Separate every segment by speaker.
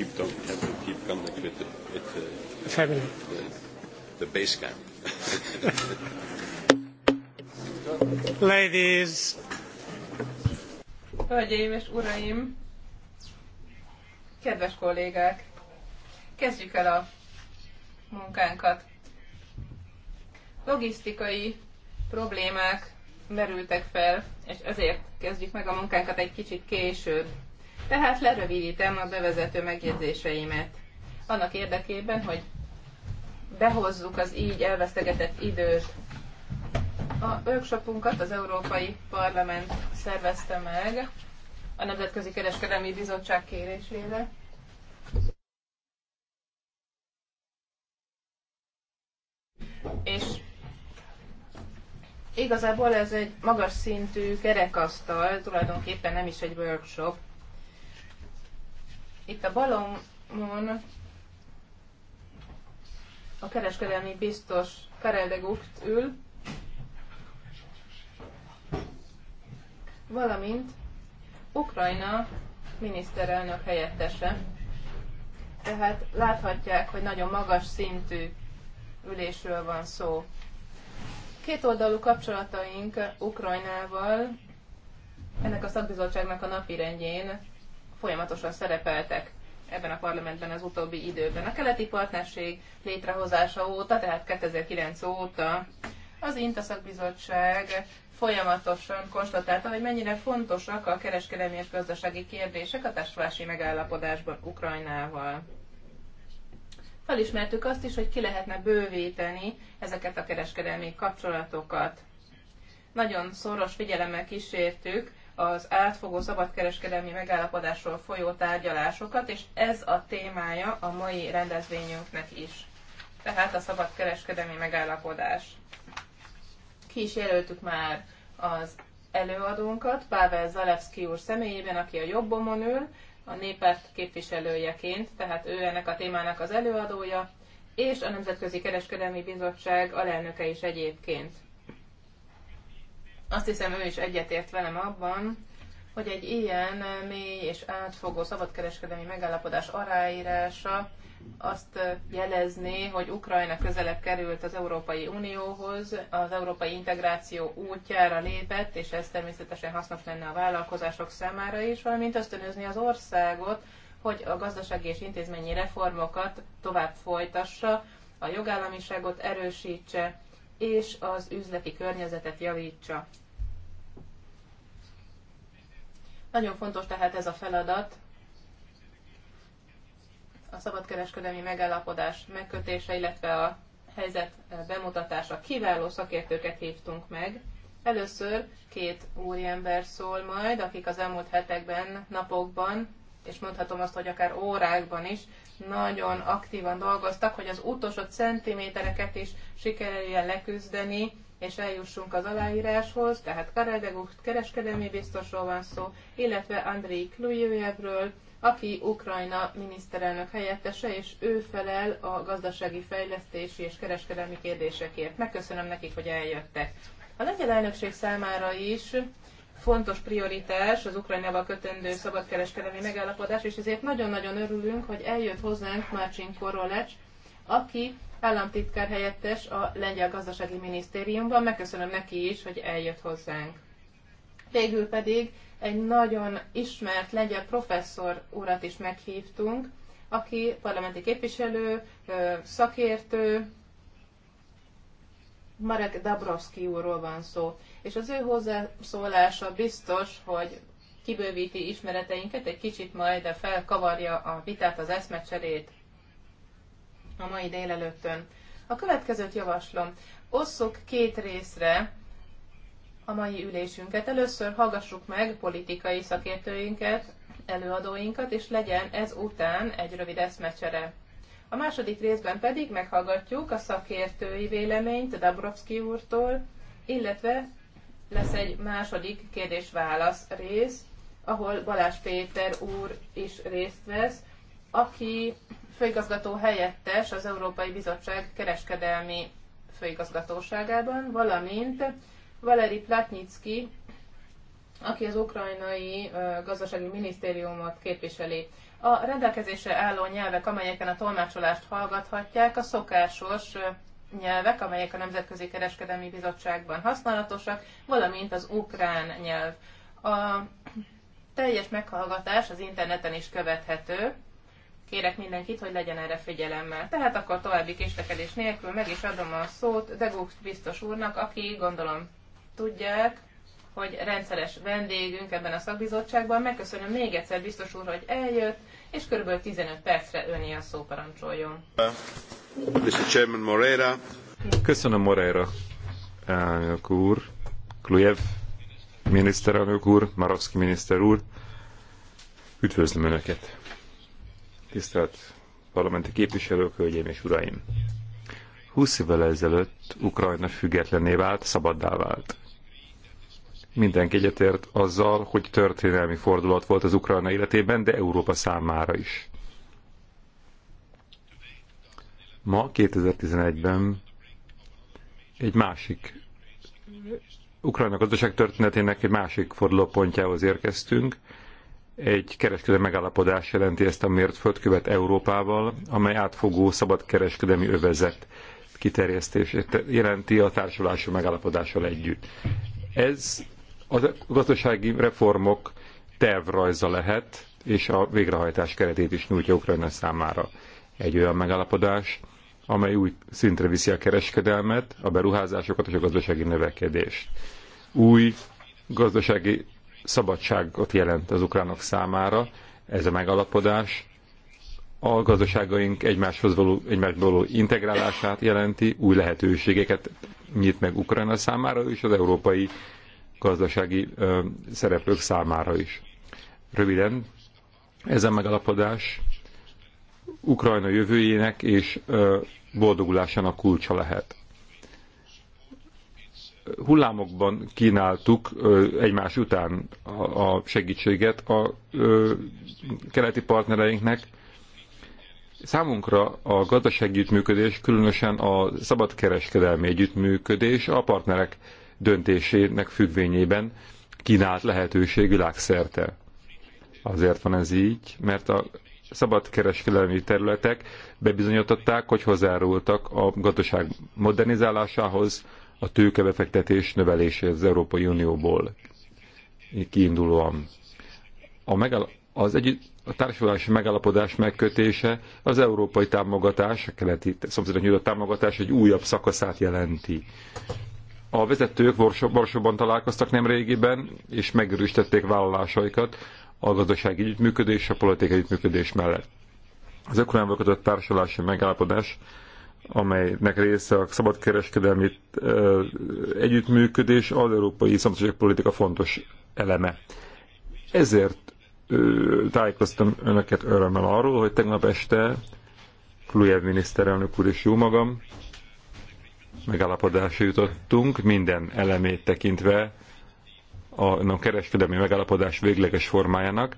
Speaker 1: keep talking, have to keep coming with the, the the, the base camp.
Speaker 2: Ladies. Hölgyeim és uraim, kedves kollégák, kezdjük el a munkánkat. Logisztikai problémák merültek fel, és ezért kezdjük meg a munkánkat egy kicsit később. Tehát lerövidítem a bevezető megjegyzéseimet. Annak érdekében, hogy behozzuk az így elvesztegetett időt. A workshopunkat az Európai Parlament szervezte meg a Nemzetközi Kereskedelmi Bizottság kérésére. És igazából ez egy magas szintű kerekasztal, tulajdonképpen nem is egy workshop, itt a balomon a kereskedelmi biztos Karel de Gucht ül, valamint Ukrajna miniszterelnök helyettese. Tehát láthatják, hogy nagyon magas szintű ülésről van szó. Kétoldalú kapcsolataink Ukrajnával ennek a szakbizottságnak a napirendjén folyamatosan szerepeltek ebben a parlamentben az utóbbi időben. A keleti partnerség létrehozása óta, tehát 2009 óta az Intaszakbizottság folyamatosan konstatálta, hogy mennyire fontosak a kereskedelmi és gazdasági kérdések a társulási megállapodásban Ukrajnával. Felismertük azt is, hogy ki lehetne bővíteni ezeket a kereskedelmi kapcsolatokat. Nagyon szoros figyelemmel kísértük az átfogó szabadkereskedelmi megállapodásról folyó tárgyalásokat, és ez a témája a mai rendezvényünknek is. Tehát a szabadkereskedelmi megállapodás. Ki is jelöltük már az előadónkat, Pavel Zalewski úr személyében, aki a jobbomon ül, a népárt képviselőjeként, tehát ő ennek a témának az előadója, és a Nemzetközi Kereskedelmi Bizottság alelnöke is egyébként. Azt hiszem, ő is egyetért velem abban, hogy egy ilyen mély és átfogó szabadkereskedelmi megállapodás aláírása azt jelezné, hogy Ukrajna közelebb került az Európai Unióhoz, az európai integráció útjára lépett, és ez természetesen hasznos lenne a vállalkozások számára is, valamint ösztönözni az országot, hogy a gazdasági és intézményi reformokat tovább folytassa, a jogállamiságot erősítse, és az üzleti környezetet javítsa. Nagyon fontos tehát ez a feladat, a szabadkereskedelmi megállapodás megkötése, illetve a helyzet bemutatása. Kiváló szakértőket hívtunk meg. Először két úriember szól majd, akik az elmúlt hetekben, napokban, és mondhatom azt, hogy akár órákban is, nagyon aktívan dolgoztak, hogy az utolsó centimétereket is sikerüljen leküzdeni, és eljussunk az aláíráshoz, tehát Karel de Gucht kereskedelmi biztosról van szó, illetve Andrei Klujevről, aki Ukrajna miniszterelnök helyettese, és ő felel a gazdasági fejlesztési és kereskedelmi kérdésekért. Megköszönöm nekik, hogy eljöttek. A lengyel elnökség számára is fontos prioritás az Ukrajnával kötendő szabadkereskedelmi megállapodás, és ezért nagyon-nagyon örülünk, hogy eljött hozzánk Márcsin Korolecs, aki államtitkár helyettes a Lengyel Gazdasági Minisztériumban. Megköszönöm neki is, hogy eljött hozzánk. Végül pedig egy nagyon ismert lengyel professzor urat is meghívtunk, aki parlamenti képviselő, szakértő, Marek Dabrowski úrról van szó. És az ő hozzászólása biztos, hogy kibővíti ismereteinket, egy kicsit majd felkavarja a vitát, az eszmecserét a mai délelőttön. A következőt javaslom. Osszuk két részre a mai ülésünket. Először hallgassuk meg politikai szakértőinket, előadóinkat, és legyen ez után egy rövid eszmecsere. A második részben pedig meghallgatjuk a szakértői véleményt Dabrowski úrtól, illetve lesz egy második kérdés-válasz rész, ahol Balázs Péter úr is részt vesz, aki főigazgató helyettes az Európai Bizottság kereskedelmi főigazgatóságában, valamint Valeri Platnicki, aki az ukrajnai gazdasági minisztériumot képviseli. A rendelkezésre álló nyelvek, amelyeken a tolmácsolást hallgathatják, a szokásos nyelvek, amelyek a Nemzetközi Kereskedelmi Bizottságban használatosak, valamint az ukrán nyelv. A teljes meghallgatás az interneten is követhető, kérek mindenkit, hogy legyen erre figyelemmel. Tehát akkor további késlekedés nélkül meg is adom a szót Degux biztos úrnak, aki gondolom tudják, hogy rendszeres vendégünk ebben a szakbizottságban. Megköszönöm még egyszer biztos úr, hogy eljött, és kb. 15 percre öné a szó parancsoljon.
Speaker 1: Mr. Chairman Moreira. Köszönöm Moreira elnök úr, Klujev miniszterelnök úr, Marovszki miniszter úr. Üdvözlöm Önöket! Tisztelt parlamenti képviselők, hölgyeim és uraim! 20 évvel ezelőtt Ukrajna függetlenné vált, szabaddá vált. Mindenki egyetért azzal, hogy történelmi fordulat volt az Ukrajna életében, de Európa számára is. Ma, 2011-ben egy másik Ukrajna gazdaság történetének egy másik fordulópontjához érkeztünk, egy kereskedelmi megállapodás jelenti ezt a földkövet Európával, amely átfogó szabadkereskedelmi övezet kiterjesztését jelenti a társulási megállapodással együtt. Ez a gazdasági reformok tervrajza lehet, és a végrehajtás keretét is nyújtja Ukrajna számára. Egy olyan megállapodás, amely új szintre viszi a kereskedelmet, a beruházásokat és a gazdasági növekedést. Új gazdasági szabadságot jelent az ukránok számára, ez a megalapodás a gazdaságaink egymáshoz való, egymásból való integrálását jelenti, új lehetőségeket nyit meg Ukrajna számára és az európai gazdasági ö, szereplők számára is. Röviden, ez a megalapodás Ukrajna jövőjének és ö, boldogulásának kulcsa lehet hullámokban kínáltuk egymás után a segítséget a keleti partnereinknek. Számunkra a gazdasági együttműködés, különösen a szabadkereskedelmi együttműködés a partnerek döntésének függvényében kínált lehetőség világszerte. Azért van ez így, mert a szabadkereskedelmi területek bebizonyították, hogy hozzárultak a gazdaság modernizálásához, a tőkebefektetés növelése az Európai Unióból kiindulóan. A megal az egy a társulási megállapodás megkötése az európai támogatás, a keleti szomszédok nyújtott támogatás egy újabb szakaszát jelenti. A vezetők Varsóban találkoztak nem régiben, és megerősítették vállalásaikat a gazdasági együttműködés és a politikai együttműködés mellett. Az ökránval kötött társulási megállapodás amelynek része a szabadkereskedelmi együttműködés az európai szomszédságpolitika fontos eleme. Ezért tájékoztam önöket örömmel arról, hogy tegnap este Klujev miniszterelnök úr és jó magam megállapodásra jutottunk, minden elemét tekintve a, a kereskedelmi megállapodás végleges formájának,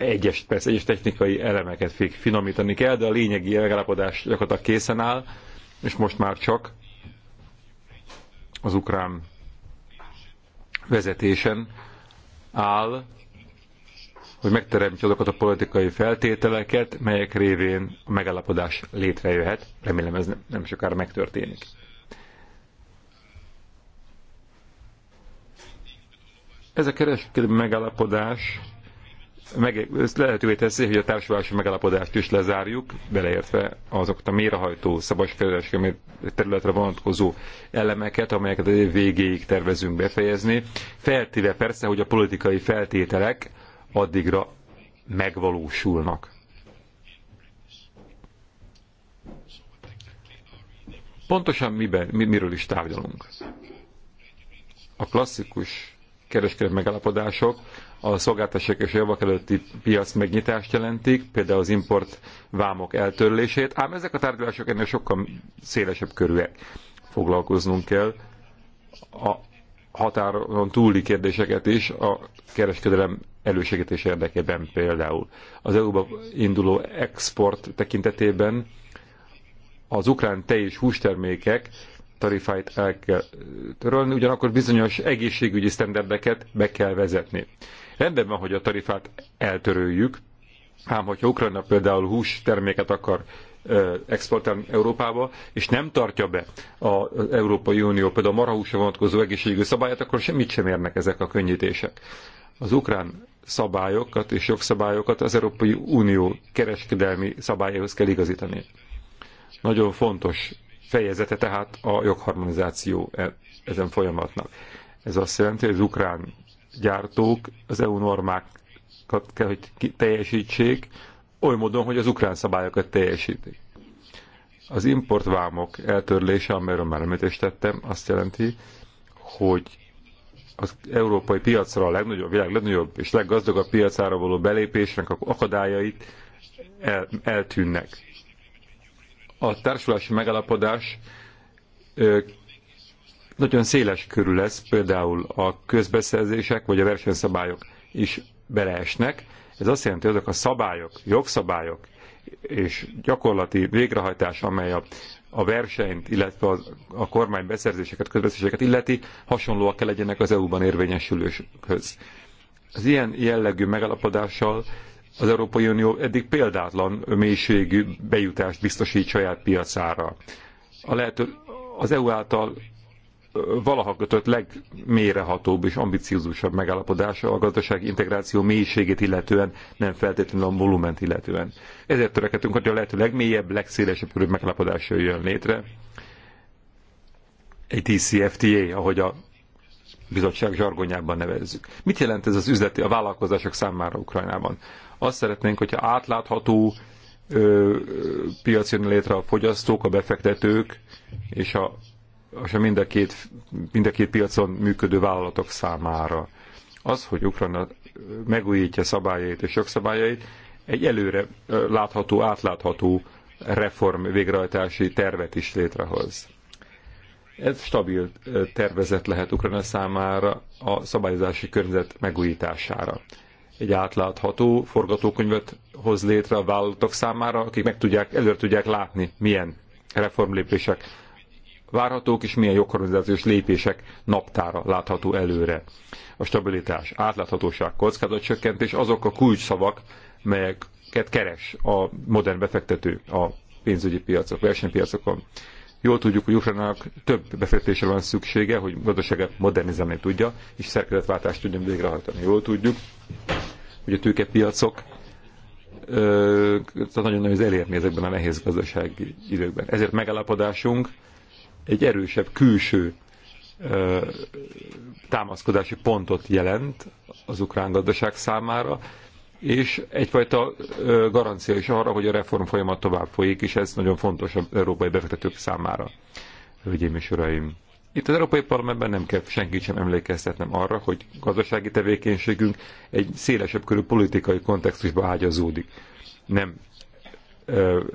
Speaker 1: egyes, persze egyes technikai elemeket finomítani kell, de a lényegi megállapodás gyakorlatilag készen áll, és most már csak az ukrán vezetésen áll, hogy megteremtse azokat a politikai feltételeket, melyek révén a megállapodás létrejöhet. Remélem ez nem, nem sokára megtörténik. Ez a kereskedelmi megállapodás meg, lehetővé teszi, hogy a társulási megállapodást is lezárjuk, beleértve azokat a mérhajtó szabadságkereskedelmi területre vonatkozó elemeket, amelyeket a év végéig tervezünk befejezni. Feltéve persze, hogy a politikai feltételek addigra megvalósulnak. Pontosan miben, mi, miről is tárgyalunk? A klasszikus kereskedelmi megállapodások a szolgáltatások és javak előtti piac megnyitást jelentik, például az import vámok eltörlését, ám ezek a tárgyalások ennél sokkal szélesebb körűek. Foglalkoznunk kell a határon túli kérdéseket is a kereskedelem elősegítés érdekében például. Az EU-ba induló export tekintetében az ukrán tej és hústermékek tarifáit el kell törölni, ugyanakkor bizonyos egészségügyi sztenderdeket be kell vezetni. Rendben van, hogy a tarifát eltöröljük, ám hogyha Ukrajna például hús terméket akar exportálni Európába, és nem tartja be az Európai Unió például a marhahúsra vonatkozó egészségügyi szabályát, akkor semmit sem érnek ezek a könnyítések. Az ukrán szabályokat és jogszabályokat az Európai Unió kereskedelmi szabályához kell igazítani. Nagyon fontos fejezete tehát a jogharmonizáció e- ezen folyamatnak. Ez azt jelenti, hogy az ukrán gyártók az EU normákat kell, hogy teljesítsék, oly módon, hogy az ukrán szabályokat teljesítik. Az importvámok eltörlése, amelyről már említést tettem, azt jelenti, hogy az európai piacra, a legnagyobb, világ legnagyobb és leggazdagabb piacára való belépésnek akadályait el, eltűnnek. A társulási megalapodás nagyon széles körül lesz, például a közbeszerzések vagy a versenyszabályok is beleesnek. Ez azt jelenti, hogy azok a szabályok, jogszabályok és gyakorlati végrehajtás, amely a, a versenyt, illetve a, a kormány beszerzéseket, közbeszerzéseket illeti, hasonlóak kell legyenek az EU-ban érvényesülőkhöz. Az ilyen jellegű megalapodással az Európai Unió eddig példátlan mélységű bejutást biztosít saját piacára. A lehető, az EU által valaha kötött legmérehatóbb és ambiciózusabb megállapodása a gazdasági integráció mélységét illetően, nem feltétlenül a volument illetően. Ezért törekedtünk, hogy a lehető legmélyebb, legszélesebb körű megállapodás jön létre. Egy TCFTA, ahogy a bizottság zsargonyában nevezzük. Mit jelent ez az üzleti, a vállalkozások számára Ukrajnában? Azt szeretnénk, hogyha átlátható piacon létre a fogyasztók, a befektetők és a és a mind a, két, mind a két piacon működő vállalatok számára. Az, hogy Ukrajna megújítja szabályait és jogszabályait, egy előre látható, átlátható reform végrehajtási tervet is létrehoz. Ez stabil tervezet lehet Ukrajna számára a szabályozási környezet megújítására. Egy átlátható forgatókönyvet hoz létre a vállalatok számára, akik meg tudják, előre tudják látni, milyen reformlépések várhatók, és milyen jogkormányzatos lépések naptára látható előre. A stabilitás, átláthatóság, kockázatcsökkentés azok a kulcsszavak, melyeket keres a modern befektető a pénzügyi piacok, versenypiacokon. Jól tudjuk, hogy Ukrajnának több befektetésre van szüksége, hogy gazdaságát modernizálni tudja, és szerkezetváltást tudjon végrehajtani. Jól tudjuk, hogy a tőkepiacok nagyon nehéz elérni ezekben a nehéz gazdasági időkben. Ezért megállapodásunk egy erősebb külső ö, támaszkodási pontot jelent az ukrán gazdaság számára, és egyfajta garancia is arra, hogy a reform folyamat tovább folyik, és ez nagyon fontos az európai befektetők számára. Hölgyeim és uraim! Itt az Európai Parlamentben nem kell senkit sem emlékeztetnem arra, hogy gazdasági tevékenységünk egy szélesebb körű politikai kontextusba ágyazódik. Nem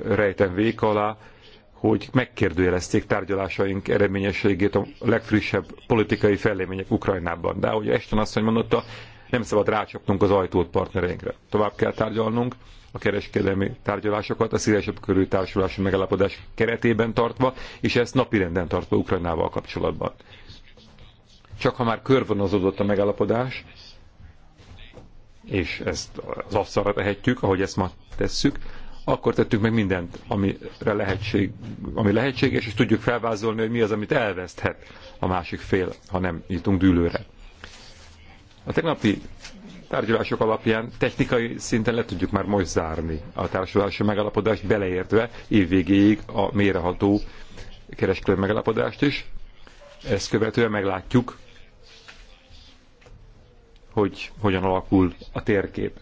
Speaker 1: rejtem véka alá, hogy megkérdőjelezték tárgyalásaink eredményességét a legfrissebb politikai fellémények Ukrajnában. De ahogy Esten asszony mondotta, nem szabad rácsapnunk az ajtót partnereinkre. Tovább kell tárgyalnunk a kereskedelmi tárgyalásokat a szélesebb körű társulási megállapodás keretében tartva, és ezt napirenden tartva Ukrajnával kapcsolatban. Csak ha már körvonozódott a megállapodás, és ezt az asztalra tehetjük, ahogy ezt ma tesszük, akkor tettünk meg mindent, amire lehetség, ami lehetséges, és tudjuk felvázolni, hogy mi az, amit elveszthet a másik fél, ha nem jutunk dűlőre. A tegnapi tárgyalások alapján technikai szinten le tudjuk már most zárni a társulási megalapodást beleértve évvégéig a méreható kereskedelmi megalapodást is. Ezt követően meglátjuk, hogy hogyan alakul a térkép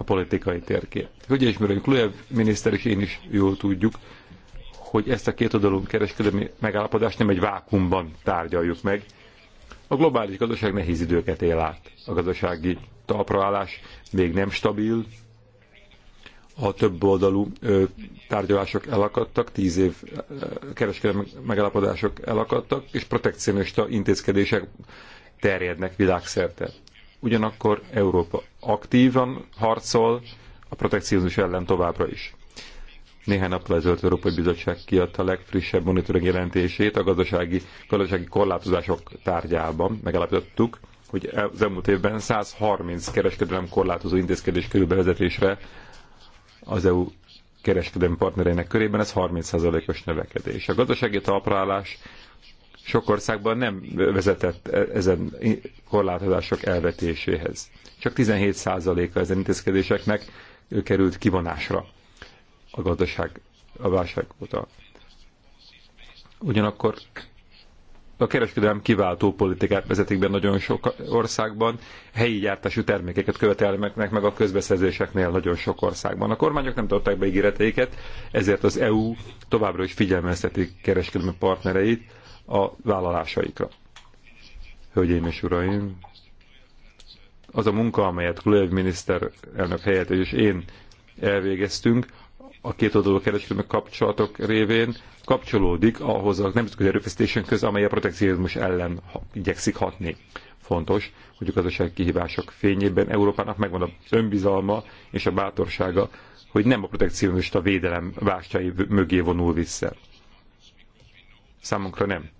Speaker 1: a politikai térkép. Hogy ismerjük, Klujev miniszter és én is jól tudjuk, hogy ezt a két oldalú kereskedelmi megállapodást nem egy vákumban tárgyaljuk meg. A globális gazdaság nehéz időket él át. A gazdasági talpraállás még nem stabil, a több oldalú tárgyalások elakadtak, tíz év kereskedelmi megállapodások elakadtak, és protekcionista intézkedések terjednek világszerte ugyanakkor Európa aktívan harcol a protekcionizmus ellen továbbra is. Néhány nappal ezelőtt Európai Bizottság kiadta a legfrissebb monitoring jelentését a gazdasági, gazdasági korlátozások tárgyában. Megállapítottuk, hogy az elmúlt évben 130 kereskedelem korlátozó intézkedés körül bevezetésre az EU kereskedelmi partnereinek körében, ez 30%-os növekedés. A gazdasági talprálás sok országban nem vezetett e- ezen korlátozások elvetéséhez. Csak 17%-a ezen intézkedéseknek került kivonásra a gazdaság a válság óta. Ugyanakkor a kereskedelem kiváltó politikát vezetik be nagyon sok országban, helyi gyártású termékeket követelnek meg a közbeszerzéseknél nagyon sok országban. A kormányok nem tartották be ígéreteiket, ezért az EU továbbra is figyelmezteti kereskedelmi partnereit, a vállalásaikra. Hölgyeim és uraim, az a munka, amelyet miniszter elnök helyett és én elvégeztünk, a két oldalú kereskedelmi kapcsolatok révén kapcsolódik ahhoz a nemzetközi erőfeszítésen köz, amely a protekcionizmus ellen igyekszik hatni. Fontos, hogy a gazdasági kihívások fényében Európának megvan az önbizalma és a bátorsága, hogy nem a protekcionista védelem vástjai mögé vonul vissza. Számunkra nem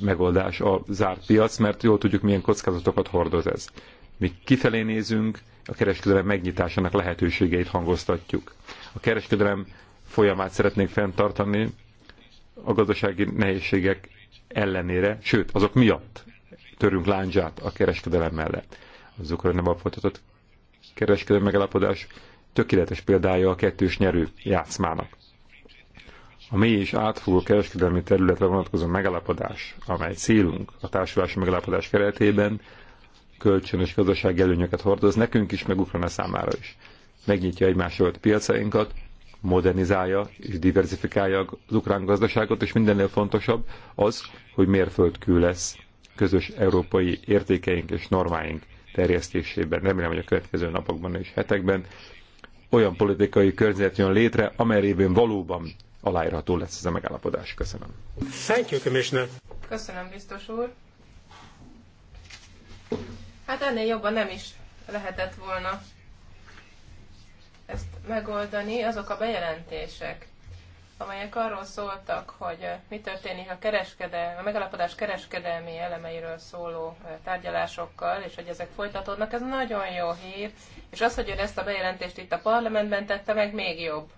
Speaker 1: megoldás a zárt piac, mert jól tudjuk, milyen kockázatokat hordoz ez. Mi kifelé nézünk, a kereskedelem megnyitásának lehetőségeit hangoztatjuk. A kereskedelem folyamát szeretnénk fenntartani a gazdasági nehézségek ellenére, sőt, azok miatt törünk láncsát a kereskedelem mellett. Az Ukrajnában folytatott kereskedelmi megállapodás tökéletes példája a kettős nyerő játszmának a mély és átfogó kereskedelmi területre vonatkozó megállapodás, amely célunk a társulási megállapodás keretében, kölcsönös gazdasági előnyöket hordoz nekünk is, meg Ukrajna számára is. Megnyitja egymásról a piacainkat, modernizálja és diversifikálja az ukrán gazdaságot, és mindennél fontosabb az, hogy mérföldkő lesz közös európai értékeink és normáink terjesztésében. Remélem, hogy a következő napokban és hetekben olyan politikai környezet jön létre, amely révén valóban aláírható lesz ez a megállapodás. Köszönöm. Thank you, Commissioner.
Speaker 2: Köszönöm, biztos úr. Hát ennél jobban nem is lehetett volna ezt megoldani. Azok a bejelentések, amelyek arról szóltak, hogy mi történik a, kereskedelmi, a megalapodás kereskedelmi elemeiről szóló tárgyalásokkal, és hogy ezek folytatódnak, ez nagyon jó hír, és az, hogy ön ezt a bejelentést itt a parlamentben tette, meg még jobb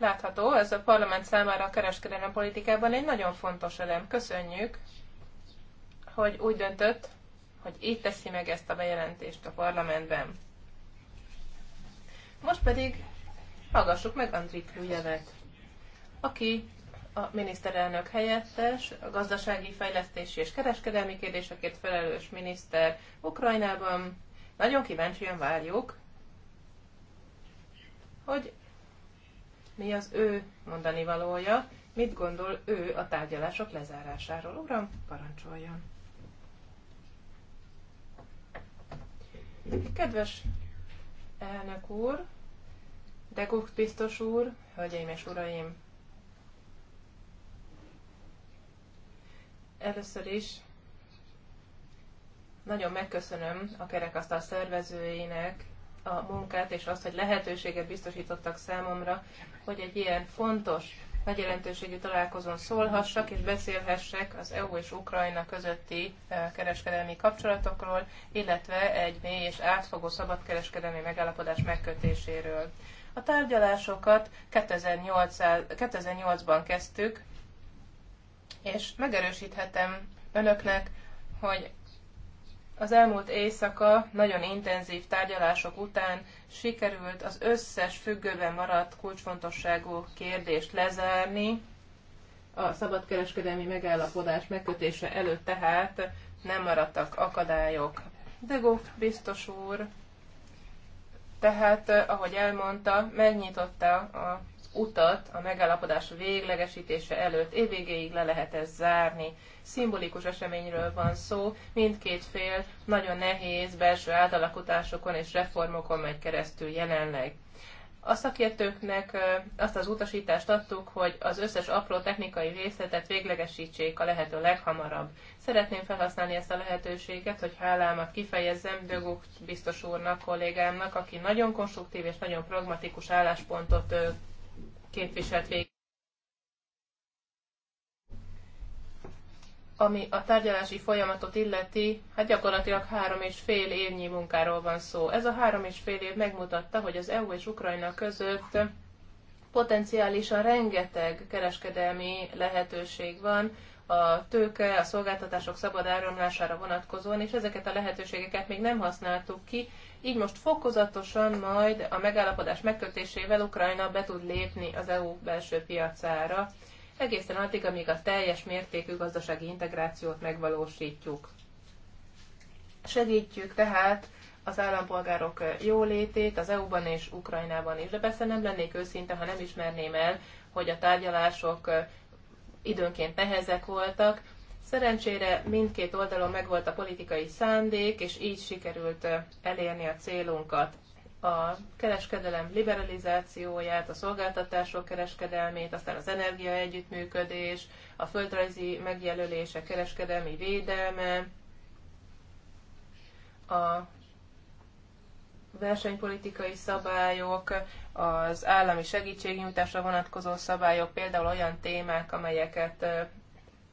Speaker 2: látható, ez a parlament számára a kereskedelem politikában egy nagyon fontos elem. Köszönjük, hogy úgy döntött, hogy így teszi meg ezt a bejelentést a parlamentben. Most pedig hallgassuk meg Andrik Krujevet, aki a miniszterelnök helyettes, a gazdasági fejlesztési és kereskedelmi kérdésekért felelős miniszter Ukrajnában. Nagyon kíváncsian várjuk, hogy mi az ő mondani valója, mit gondol ő a tárgyalások lezárásáról. Uram, parancsoljon! Kedves elnök úr, de biztos úr, hölgyeim és uraim! Először is nagyon megköszönöm a kerekasztal szervezőinek a munkát, és azt, hogy lehetőséget biztosítottak számomra, hogy egy ilyen fontos, nagy jelentőségű találkozón szólhassak és beszélhessek az EU és Ukrajna közötti e, kereskedelmi kapcsolatokról, illetve egy mély és átfogó szabadkereskedelmi megállapodás megkötéséről. A tárgyalásokat 2008-ban kezdtük, és megerősíthetem önöknek, hogy az elmúlt éjszaka nagyon intenzív tárgyalások után sikerült az összes függőben maradt kulcsfontosságú kérdést lezárni. A szabadkereskedelmi megállapodás megkötése előtt tehát nem maradtak akadályok. De Gucht biztos úr, tehát, eh, ahogy elmondta, megnyitotta a utat a megállapodás véglegesítése előtt évvégéig le lehet ez zárni. Szimbolikus eseményről van szó, mindkét fél nagyon nehéz belső átalakutásokon és reformokon megy keresztül jelenleg. A szakértőknek azt az utasítást adtuk, hogy az összes apró technikai részletet véglegesítsék a lehető leghamarabb. Szeretném felhasználni ezt a lehetőséget, hogy hálámat kifejezzem Döguk biztos úrnak, kollégámnak, aki nagyon konstruktív és nagyon pragmatikus álláspontot képviselt végig. Ami a tárgyalási folyamatot illeti, hát gyakorlatilag három és fél évnyi munkáról van szó. Ez a három és fél év megmutatta, hogy az EU és Ukrajna között potenciálisan rengeteg kereskedelmi lehetőség van, a tőke, a szolgáltatások szabad áramlására vonatkozóan, és ezeket a lehetőségeket még nem használtuk ki, így most fokozatosan majd a megállapodás megkötésével Ukrajna be tud lépni az EU belső piacára, egészen addig, amíg a teljes mértékű gazdasági integrációt megvalósítjuk. Segítjük tehát az állampolgárok jólétét az EU-ban és Ukrajnában is. De persze nem lennék őszinte, ha nem ismerném el, hogy a tárgyalások időnként nehezek voltak, Szerencsére mindkét oldalon megvolt a politikai szándék, és így sikerült elérni a célunkat. A kereskedelem liberalizációját, a szolgáltatások kereskedelmét, aztán az energia együttműködés, a földrajzi megjelölése, kereskedelmi védelme, a versenypolitikai szabályok, az állami segítségnyújtásra vonatkozó szabályok, például olyan témák, amelyeket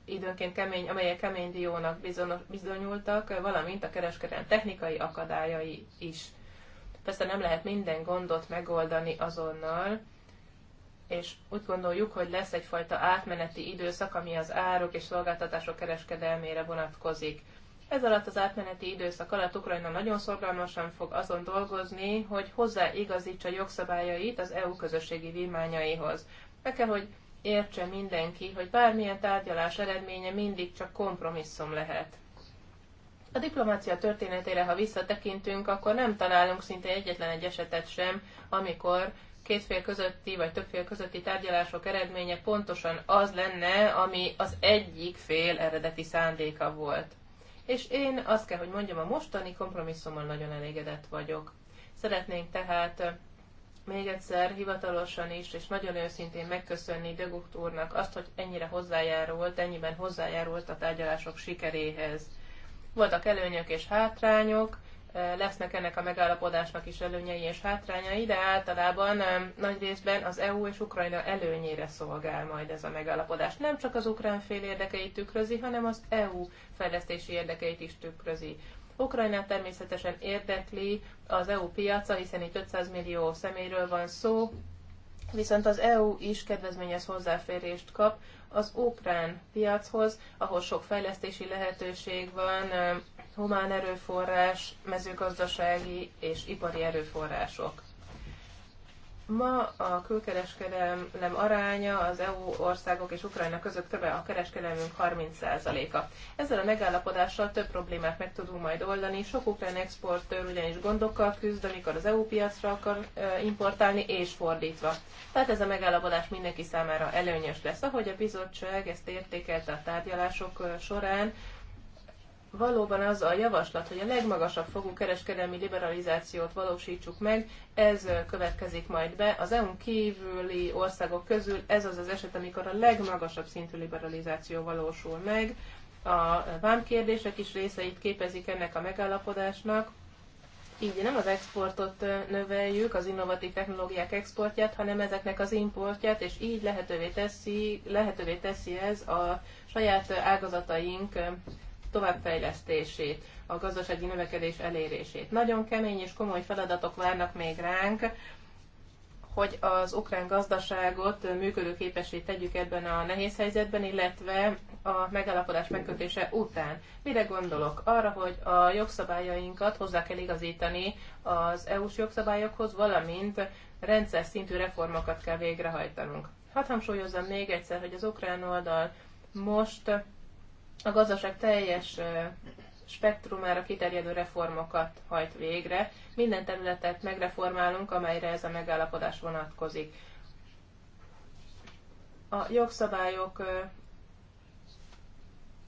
Speaker 2: időnként kemény, amelyek kemény diónak bizonyultak, valamint a kereskedelem technikai akadályai is. Persze nem lehet minden gondot megoldani azonnal, és úgy gondoljuk, hogy lesz egyfajta átmeneti időszak, ami az árok és szolgáltatások kereskedelmére vonatkozik. Ez alatt az átmeneti időszak alatt Ukrajna nagyon szorgalmasan fog azon dolgozni, hogy hozzáigazítsa jogszabályait az EU közösségi vívmányaihoz. Meg kell, hogy értse mindenki, hogy bármilyen tárgyalás eredménye mindig csak kompromisszum lehet. A diplomácia történetére, ha visszatekintünk, akkor nem találunk szinte egyetlen egy esetet sem, amikor két fél közötti vagy több fél közötti tárgyalások eredménye pontosan az lenne, ami az egyik fél eredeti szándéka volt. És én azt kell, hogy mondjam, a mostani kompromisszummal nagyon elégedett vagyok. Szeretnénk tehát még egyszer hivatalosan is, és nagyon őszintén megköszönni Dögucht úrnak azt, hogy ennyire hozzájárult, ennyiben hozzájárult a tárgyalások sikeréhez. Voltak előnyök és hátrányok, e, lesznek ennek a megállapodásnak is előnyei és hátrányai, de általában e, nagy részben az EU és Ukrajna előnyére szolgál majd ez a megállapodás. Nem csak az ukrán fél érdekeit tükrözi, hanem az EU fejlesztési érdekeit is tükrözi. Ukrajnát természetesen érdekli az EU piaca, hiszen itt 500 millió személyről van szó, viszont az EU is kedvezményes hozzáférést kap az ukrán piachoz, ahol sok fejlesztési lehetőség van, humán erőforrás, mezőgazdasági és ipari erőforrások. Ma a külkereskedelem aránya az EU országok és Ukrajna között kb. a kereskedelmünk 30%-a. Ezzel a megállapodással több problémát meg tudunk majd oldani. Sok ukrán exportőr ugyanis gondokkal küzd, amikor az EU piacra akar importálni, és fordítva. Tehát ez a megállapodás mindenki számára előnyös lesz. Ahogy a bizottság ezt értékelte a tárgyalások során, valóban az a javaslat, hogy a legmagasabb fogú kereskedelmi liberalizációt valósítsuk meg, ez következik majd be. Az EU-n kívüli országok közül ez az az eset, amikor a legmagasabb szintű liberalizáció valósul meg. A vámkérdések is részeit képezik ennek a megállapodásnak. Így nem az exportot növeljük, az innovatív technológiák exportját, hanem ezeknek az importját, és így lehetővé teszi, lehetővé teszi ez a saját ágazataink továbbfejlesztését, a gazdasági növekedés elérését. Nagyon kemény és komoly feladatok várnak még ránk, hogy az ukrán gazdaságot működőképessé tegyük ebben a nehéz helyzetben, illetve a megállapodás megkötése után. Mire gondolok? Arra, hogy a jogszabályainkat hozzá kell igazítani az EU-s jogszabályokhoz, valamint rendszer szintű reformokat kell végrehajtanunk. Hadd hangsúlyozzam még egyszer, hogy az ukrán oldal most a gazdaság teljes spektrumára kiterjedő reformokat hajt végre. Minden területet megreformálunk, amelyre ez a megállapodás vonatkozik. A jogszabályok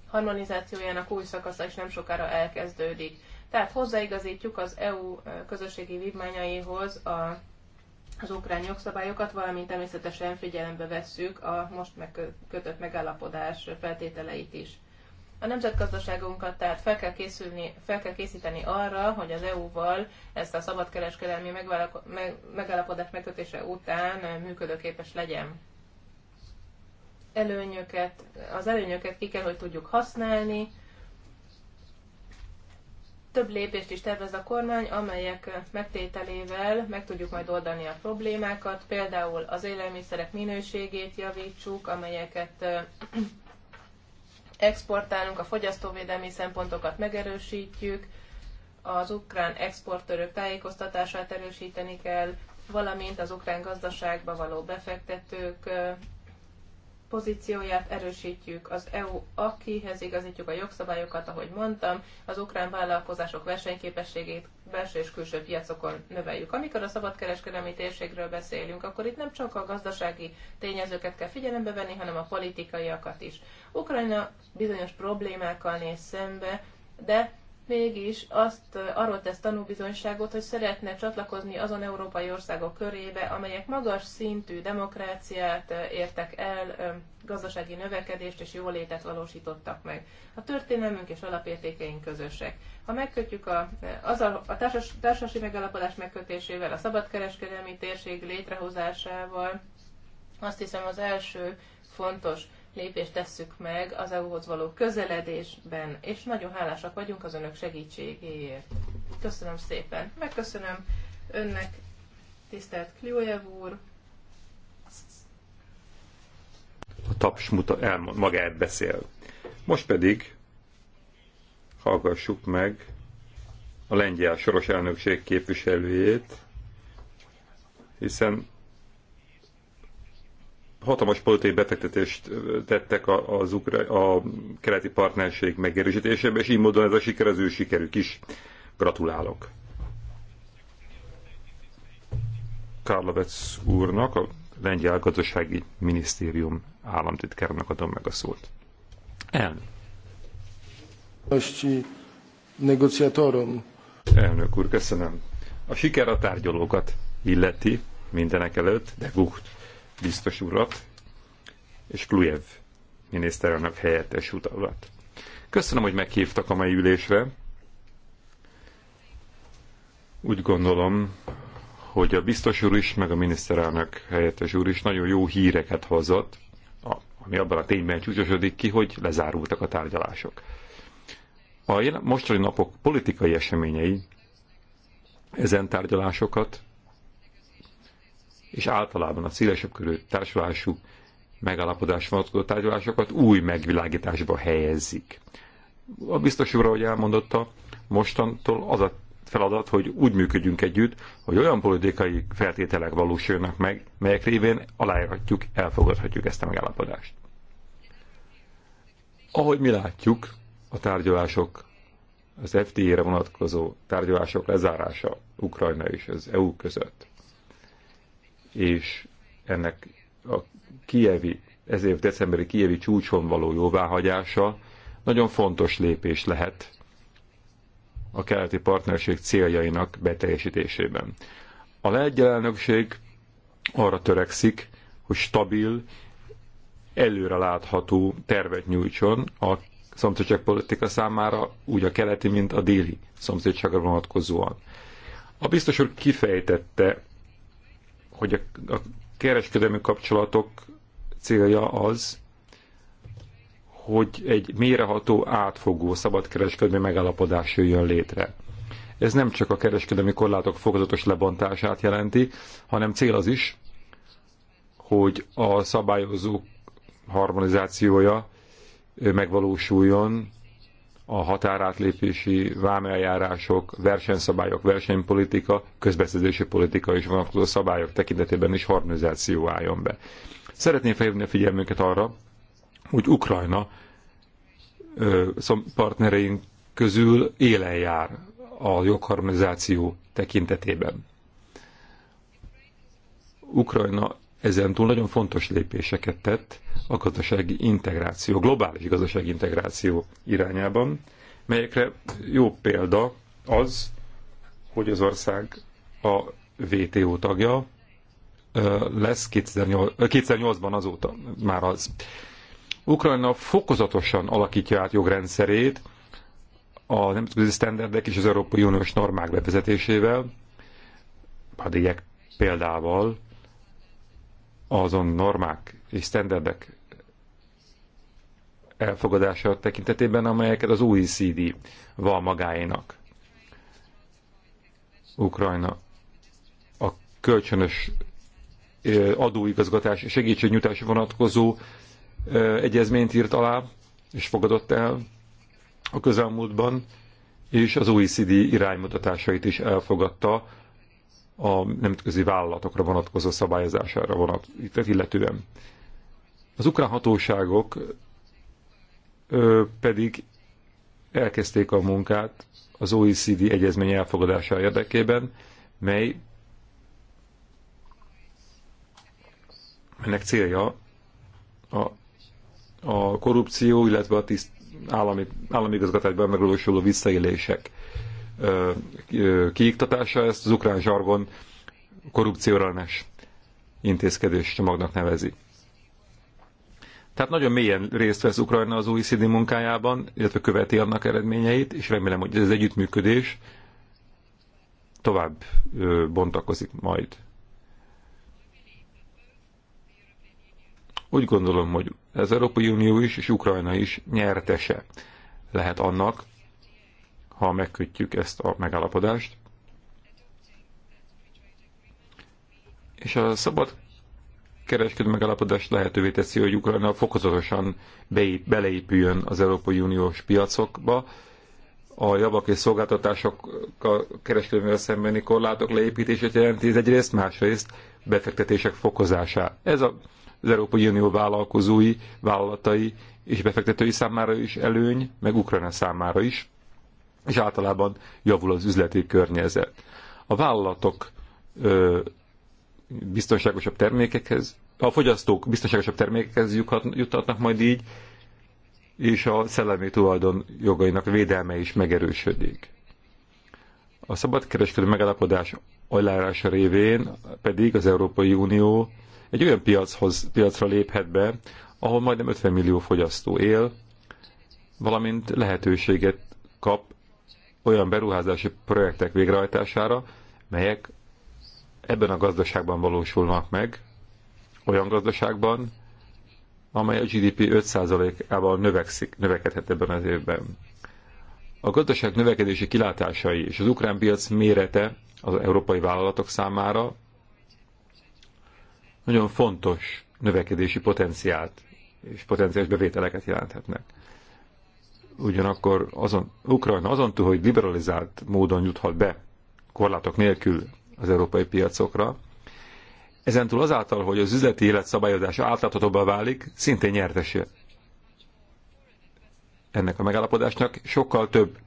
Speaker 2: harmonizációjának új szakasza is nem sokára elkezdődik. Tehát hozzáigazítjuk az EU közösségi vívmányaihoz a, az ukrán jogszabályokat, valamint természetesen figyelembe vesszük a most megkötött megállapodás feltételeit is. A nemzetgazdaságunkat tehát fel kell, készülni, fel kell készíteni arra, hogy az EU-val ezt a szabadkereskedelmi megállapodás megkötése után működőképes legyen. Előnyöket, az előnyöket ki kell, hogy tudjuk használni. Több lépést is tervez a kormány, amelyek megtételével meg tudjuk majd oldani a problémákat, például az élelmiszerek minőségét javítsuk, amelyeket exportálunk, a fogyasztóvédelmi szempontokat megerősítjük, az ukrán exportőrök tájékoztatását erősíteni kell, valamint az ukrán gazdaságba való befektetők pozícióját erősítjük, az EU akihez igazítjuk a jogszabályokat, ahogy mondtam, az ukrán vállalkozások versenyképességét belső és külső piacokon növeljük. Amikor a szabadkereskedelmi térségről beszélünk, akkor itt nem csak a gazdasági tényezőket kell figyelembe venni, hanem a politikaiakat is. Ukrajna bizonyos problémákkal néz szembe, de mégis azt arról tesz tanúbizonyságot, hogy szeretne csatlakozni azon európai országok körébe, amelyek magas szintű demokráciát értek el, gazdasági növekedést és jólétet valósítottak meg. A történelmünk és alapértékeink közösek. Ha megkötjük a, az a, a társas, társasi megalapodás megkötésével, a szabadkereskedelmi térség létrehozásával, azt hiszem az első fontos lépést tesszük meg az EU-hoz való közeledésben, és nagyon hálásak vagyunk az önök segítségéért. Köszönöm szépen. Megköszönöm önnek, tisztelt Kliójev úr.
Speaker 1: A taps muta, elmond, magát beszél. Most pedig hallgassuk meg a lengyel soros elnökség képviselőjét, hiszen hatalmas politikai befektetést tettek a, az ukra, a keleti partnerség megerősítésébe, és így módon ez a siker az ő sikerük is. Gratulálok! Karlovec úrnak, a Lengyel Gazdasági Minisztérium államtitkárnak adom meg a szót. Elnök.
Speaker 2: Negociatorom.
Speaker 1: Elnök úr, köszönöm. A siker a tárgyalókat illeti mindenek előtt, de Gucht biztos urat, és Klujev miniszterelnök helyettes utalat. Köszönöm, hogy meghívtak a mai ülésre. Úgy gondolom, hogy a biztos úr is, meg a miniszterelnök helyettes úr is nagyon jó híreket hozott, ami abban a tényben csúcsosodik ki, hogy lezárultak a tárgyalások. A mostani napok politikai eseményei ezen tárgyalásokat és általában a szélesebb körű társulású megállapodás vonatkozó tárgyalásokat új megvilágításba helyezik. A biztos úr, ahogy elmondotta, mostantól az a feladat, hogy úgy működjünk együtt, hogy olyan politikai feltételek valósuljanak meg, melyek révén aláírhatjuk, elfogadhatjuk ezt a megállapodást. Ahogy mi látjuk, a tárgyalások, az FTA-re vonatkozó tárgyalások lezárása Ukrajna és az EU között és ennek a kievi, ezért decemberi kievi csúcson való jóváhagyása nagyon fontos lépés lehet a keleti partnerség céljainak beteljesítésében. A lengyel elnökség arra törekszik, hogy stabil, előrelátható tervet nyújtson a szomszédság politika számára, úgy a keleti, mint a déli szomszédságra vonatkozóan. A biztos úr kifejtette hogy a, a kereskedelmi kapcsolatok célja az, hogy egy méreható, átfogó szabadkereskedelmi megállapodás jöjjön létre. Ez nem csak a kereskedelmi korlátok fokozatos lebontását jelenti, hanem cél az is, hogy a szabályozók harmonizációja megvalósuljon a határátlépési vámeljárások, versenyszabályok, versenypolitika, közbeszerzési politika és vonatkozó szabályok tekintetében is harmonizáció álljon be. Szeretném felhívni a figyelmünket arra, hogy Ukrajna ö, partnereink közül élen jár a jogharmonizáció tekintetében. Ukrajna ezen túl nagyon fontos lépéseket tett a gazdasági integráció, globális gazdasági integráció irányában, melyekre jó példa az, hogy az ország a WTO tagja lesz 2008-ban azóta már az. Ukrajna fokozatosan alakítja át jogrendszerét a nemzetközi sztenderdek és az Európai Uniós normák bevezetésével, pedig példával, azon normák és standardek elfogadása tekintetében, amelyeket az OECD val magáénak. Ukrajna a kölcsönös adóigazgatás segítségnyújtás vonatkozó egyezményt írt alá, és fogadott el a közelmúltban, és az OECD iránymutatásait is elfogadta a nemzetközi vállalatokra vonatkozó szabályozására vonat, illetően. Az ukrán hatóságok ö, pedig elkezdték a munkát az OECD egyezmény elfogadása érdekében, mely ennek célja a, a korrupció, illetve a tiszt, állami, állami igazgatásban megvalósuló visszaélések kiiktatása, ezt az ukrán zsargon korrupcióellenes intézkedés csomagnak nevezi. Tehát nagyon mélyen részt vesz Ukrajna az OECD munkájában, illetve követi annak eredményeit, és remélem, hogy ez az együttműködés tovább bontakozik majd. Úgy gondolom, hogy az Európai Unió is és Ukrajna is nyertese lehet annak, ha megkötjük ezt a megállapodást. És a szabad kereskedő megállapodás lehetővé teszi, hogy Ukrajna fokozatosan beép, beleépüljön az Európai Uniós piacokba. A javak és szolgáltatások kereskedővel szembeni korlátok leépítését jelenti ez egyrészt, másrészt befektetések fokozása. Ez a, az Európai Unió vállalkozói, vállalatai és befektetői számára is előny, meg Ukrajna számára is és általában javul az üzleti környezet. A vállalatok ö, biztonságosabb termékekhez, a fogyasztók biztonságosabb termékekhez juthatnak majd így, és a szellemi tulajdon jogainak védelme is megerősödik. A szabadkereskedő megállapodás ajlárása révén pedig az Európai Unió egy olyan piachoz, piacra léphet be, ahol majdnem 50 millió fogyasztó él, valamint lehetőséget kap olyan beruházási projektek végrehajtására, melyek ebben a gazdaságban valósulnak meg, olyan gazdaságban, amely a GDP 5%-ával növekszik, növekedhet ebben az évben. A gazdaság növekedési kilátásai és az ukrán piac mérete az európai vállalatok számára nagyon fontos növekedési potenciált és potenciális bevételeket jelenthetnek ugyanakkor azon, Ukrajna azon túl, hogy liberalizált módon juthat be korlátok nélkül az európai piacokra, ezentúl azáltal, hogy az üzleti élet szabályozása átláthatóbbá válik, szintén nyertese ennek a megállapodásnak sokkal több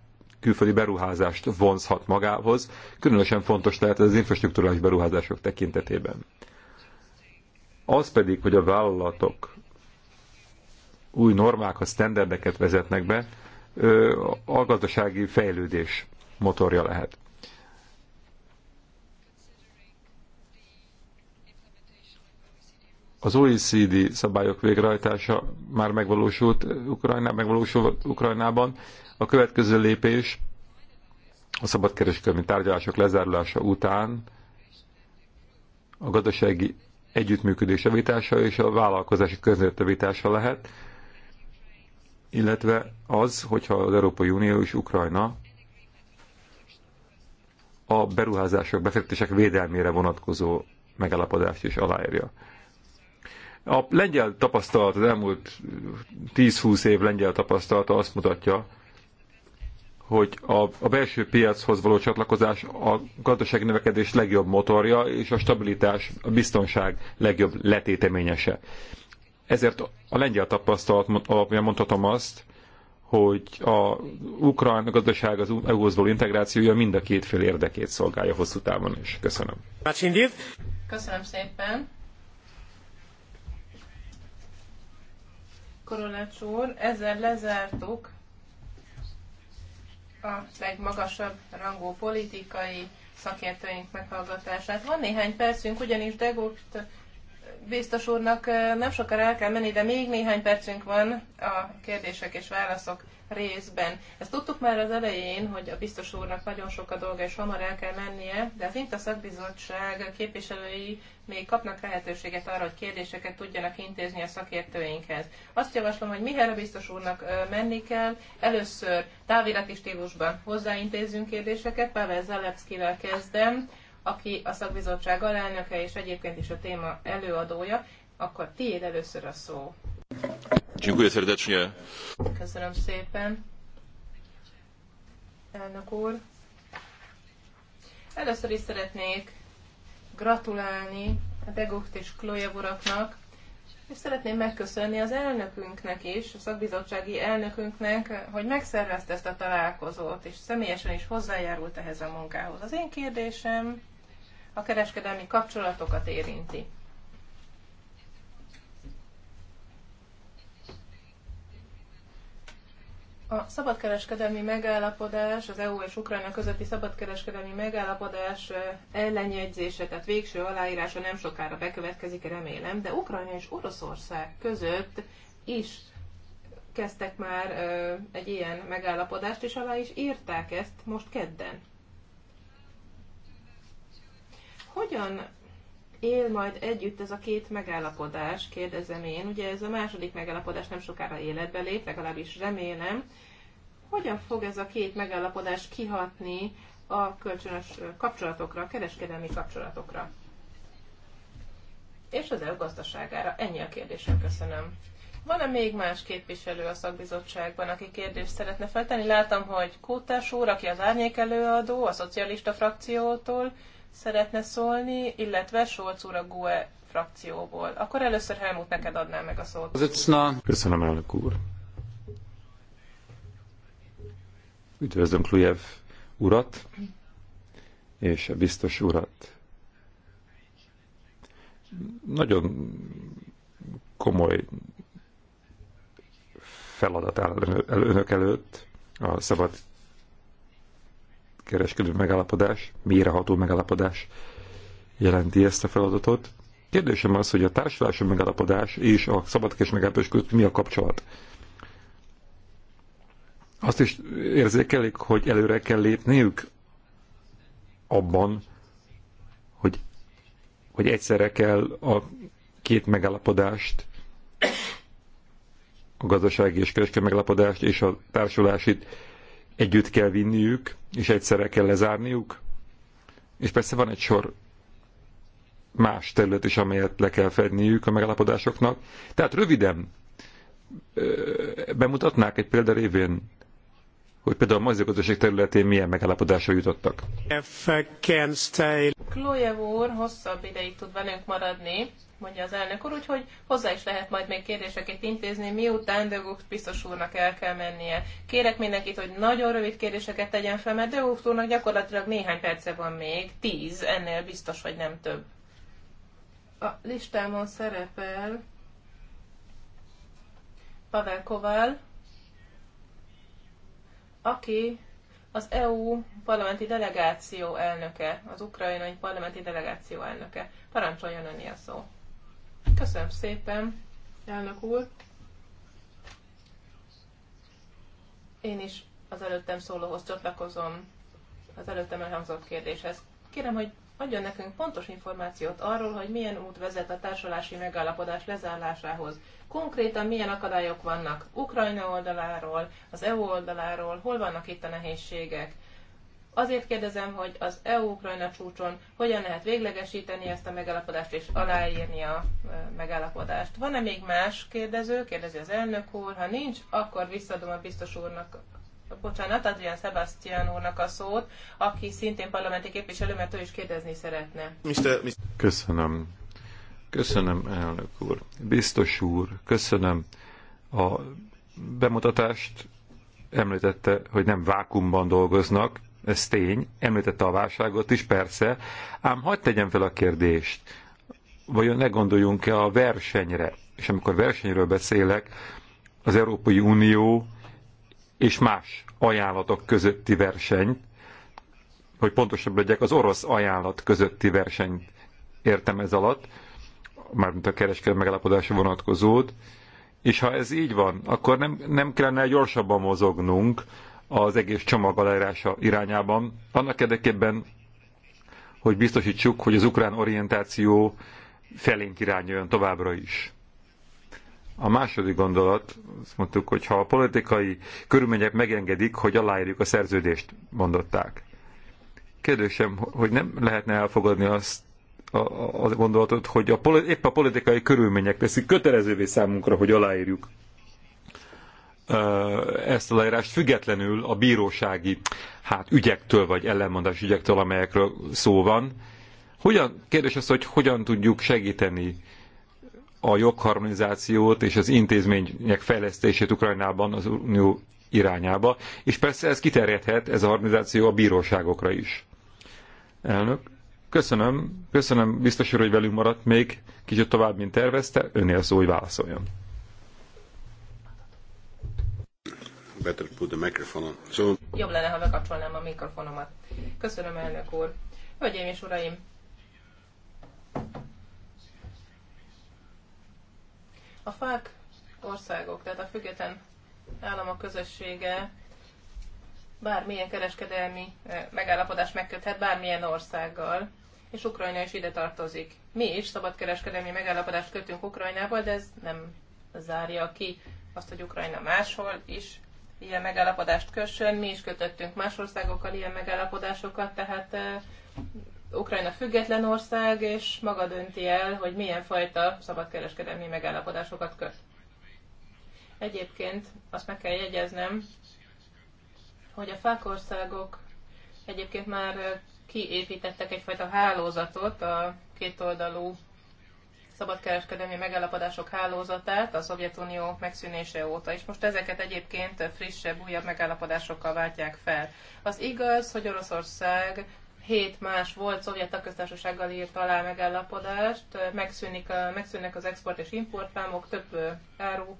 Speaker 1: külföldi beruházást vonzhat magához, különösen fontos lehet ez az infrastruktúrális beruházások tekintetében. Az pedig, hogy a vállalatok új normákat, sztenderdeket vezetnek be, a gazdasági fejlődés motorja lehet. Az OECD szabályok végrehajtása már megvalósult Ukrajnában, megvalósult Ukrajnában. A következő lépés a szabadkereskedelmi tárgyalások lezárulása után a gazdasági együttműködés javítása és a vállalkozási környezet javítása lehet illetve az, hogyha az Európai Unió és Ukrajna a beruházások, befektetések védelmére vonatkozó megállapodást is aláírja. A lengyel tapasztalat, az elmúlt 10-20 év lengyel tapasztalata azt mutatja, hogy a, a belső piachoz való csatlakozás a gazdasági növekedés legjobb motorja, és a stabilitás, a biztonság legjobb letéteményese. Ezért a lengyel tapasztalat alapján mondhatom azt, hogy a ukrán gazdaság az EU-hoz való integrációja mind a két fél érdekét szolgálja hosszú távon is. Köszönöm.
Speaker 2: Köszönöm szépen. Korolács úr, ezzel lezártuk a legmagasabb rangú politikai szakértőink meghallgatását. Van néhány percünk, ugyanis Degukt biztos úrnak nem sokára el kell menni, de még néhány percünk van a kérdések és válaszok részben. Ezt tudtuk már az elején, hogy a biztos úrnak nagyon sok a dolga, és hamar el kell mennie, de az INTA szakbizottság képviselői még kapnak lehetőséget arra, hogy kérdéseket tudjanak intézni a szakértőinkhez. Azt javaslom, hogy mihez a biztos úrnak menni kell, először távirati stílusban hozzáintézzünk kérdéseket, Pavel Zalewskivel kezdem, aki a szakbizottság alelnöke és egyébként is a téma előadója, akkor tiéd először a szó. Köszönöm szépen. Elnök úr. Először is szeretnék gratulálni a Degucht és Klojev uraknak, és szeretném megköszönni az elnökünknek is, a szakbizottsági elnökünknek, hogy megszervezte ezt a találkozót, és személyesen is hozzájárult ehhez a munkához. Az én kérdésem a kereskedelmi kapcsolatokat érinti. A szabadkereskedelmi megállapodás, az EU és Ukrajna közötti szabadkereskedelmi megállapodás ellenjegyzése, tehát végső aláírása nem sokára bekövetkezik, remélem, de Ukrajna és Oroszország között is kezdtek már egy ilyen megállapodást, és alá is írták ezt most kedden. hogyan él majd együtt ez a két megállapodás, kérdezem én. Ugye ez a második megállapodás nem sokára életbe lép, legalábbis remélem. Hogyan fog ez a két megállapodás kihatni a kölcsönös kapcsolatokra, a kereskedelmi kapcsolatokra? És az EU gazdaságára. Ennyi a kérdésem, köszönöm. Van-e még más képviselő a szakbizottságban, aki kérdést szeretne feltenni? Látom, hogy Kótás úr, aki az árnyék előadó, a szocialista frakciótól, szeretne szólni, illetve Solc úr a GUE frakcióból. Akkor először Helmut neked adná meg a szót.
Speaker 1: Köszönöm, elnök úr. Üdvözlöm Klujev urat és a biztos urat. Nagyon komoly feladat áll önök előtt a szabad kereskedő megállapodás, mélyreható megállapodás jelenti ezt a feladatot. Kérdésem az, hogy a társadalmi megállapodás és a szabadkés megállapodás között mi a kapcsolat? Azt is érzékelik, hogy előre kell lépniük abban, hogy, hogy egyszerre kell a két megállapodást, a gazdasági és kereskedő megállapodást és a társulásit együtt kell vinniük, és egyszerre kell lezárniuk. És persze van egy sor más terület is, amelyet le kell fedniük a megállapodásoknak. Tehát röviden bemutatnák egy példa révén hogy például a mezőgazdaság területén milyen megállapodásra jutottak.
Speaker 2: Klójev úr hosszabb ideig tud velünk maradni, mondja az elnök úr, úgyhogy hozzá is lehet majd még kérdéseket intézni, miután de Gucht biztos úrnak el kell mennie. Kérek mindenkit, hogy nagyon rövid kérdéseket tegyen fel, mert de Gucht úrnak gyakorlatilag néhány perce van még, tíz, ennél biztos, hogy nem több. A listámon szerepel Pavel Koval, aki az EU parlamenti delegáció elnöke, az ukrajnai parlamenti delegáció elnöke. Parancsoljon önni a szó. Köszönöm szépen, elnök úr. Én is az előttem szólóhoz csatlakozom az előttem elhangzott kérdéshez. Kérem, hogy adjon nekünk pontos információt arról, hogy milyen út vezet a társulási megállapodás lezárlásához. Konkrétan milyen akadályok vannak Ukrajna oldaláról, az EU oldaláról, hol vannak itt a nehézségek. Azért kérdezem, hogy az EU-Ukrajna csúcson hogyan lehet véglegesíteni ezt a megállapodást és aláírni a e, megállapodást. Van-e még más kérdező? Kérdezi az elnök úr. Ha nincs, akkor visszadom a biztos úrnak bocsánat, Adrián Sebastian úrnak a szót, aki szintén parlamenti képviselő, mert ő is kérdezni szeretne.
Speaker 1: Köszönöm. Köszönöm, elnök úr. Biztos úr, köszönöm a bemutatást. Említette, hogy nem vákumban dolgoznak, ez tény. Említette a válságot is, persze. Ám hagyd tegyem fel a kérdést. Vajon ne gondoljunk-e a versenyre? És amikor versenyről beszélek, az Európai Unió és más ajánlatok közötti versenyt, hogy pontosabb legyek, az orosz ajánlat közötti versenyt értem ez alatt, mármint a kereskedő megállapodása vonatkozót, és ha ez így van, akkor nem, nem kellene gyorsabban mozognunk az egész csomag aláírása irányában, annak érdekében, hogy biztosítsuk, hogy az ukrán orientáció felénk irányoljon továbbra is. A második gondolat, azt mondtuk, hogy ha a politikai körülmények megengedik, hogy aláírjuk a szerződést, mondották. Kérdésem, hogy nem lehetne elfogadni azt a, a, a gondolatot, hogy a, épp a politikai körülmények teszik kötelezővé számunkra, hogy aláírjuk ezt a leírást függetlenül a bírósági hát, ügyektől, vagy ellenmondás ügyektől, amelyekről szó van. Hogyan, kérdés az, hogy hogyan tudjuk segíteni a jogharmonizációt és az intézmények fejlesztését Ukrajnában az Unió irányába, és persze ez kiterjedhet, ez a harmonizáció a bíróságokra is. Elnök, köszönöm, köszönöm biztos úr, hogy velünk maradt még kicsit tovább, mint tervezte, önnél szó, hogy válaszoljon. Better
Speaker 2: put the microphone on. So... Jobb lenne, ha bekapcsolnám a mikrofonomat. Köszönöm, elnök úr. Hölgyeim és uraim, a fák országok, tehát a független államok közössége bármilyen kereskedelmi eh, megállapodást megköthet bármilyen országgal, és Ukrajna is ide tartozik. Mi is szabadkereskedelmi megállapodást kötünk Ukrajnával, de ez nem zárja ki azt, hogy Ukrajna máshol is ilyen megállapodást kössön. Mi is kötöttünk más országokkal ilyen megállapodásokat, tehát eh, Ukrajna független ország, és maga dönti el, hogy milyen fajta szabadkereskedelmi megállapodásokat köt. Egyébként azt meg kell jegyeznem, hogy a fák országok egyébként már kiépítettek egyfajta hálózatot, a kétoldalú szabadkereskedelmi megállapodások hálózatát a Szovjetunió megszűnése óta, és most ezeket egyébként frissebb, újabb megállapodásokkal váltják fel. Az igaz, hogy Oroszország hét más volt szovjet köztársasággal írt alá megállapodást, megszűnik a, megszűnnek az export és import importvámok több áru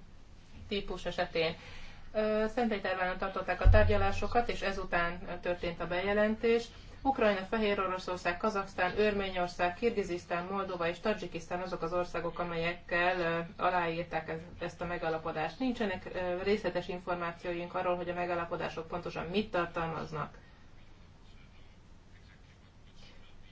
Speaker 2: típus esetén. Szentegytárvánon tartották a tárgyalásokat, és ezután történt a bejelentés. Ukrajna, Fehér Oroszország, Kazaksztán, Örményország, Kirgizisztán, Moldova és Tadzsikisztán azok az országok, amelyekkel aláírták ezt a megállapodást. Nincsenek részletes információink arról, hogy a megállapodások pontosan mit tartalmaznak.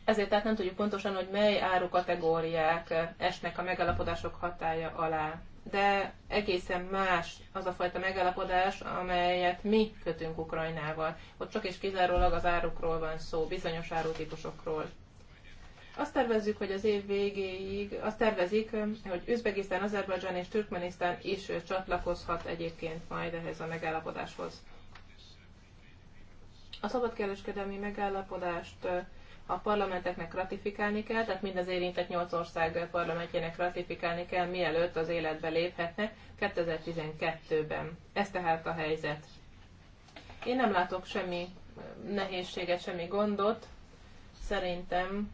Speaker 2: Ezért tehát nem tudjuk pontosan, hogy mely árukategóriák esnek a megállapodások hatája alá. De egészen más az a fajta megállapodás, amelyet mi kötünk Ukrajnával. Ott csak és kizárólag az árukról van szó, bizonyos árutípusokról. Azt tervezzük, hogy az év végéig, azt tervezik, hogy Üzbegisztán, Azerbajdzsán és Türkmenisztán is csatlakozhat egyébként majd ehhez a megállapodáshoz. A szabadkereskedelmi megállapodást a parlamenteknek ratifikálni kell, tehát mind az érintett nyolc ország parlamentjének ratifikálni kell, mielőtt az életbe léphetne 2012-ben. Ez tehát a helyzet. Én nem látok semmi nehézséget, semmi gondot. Szerintem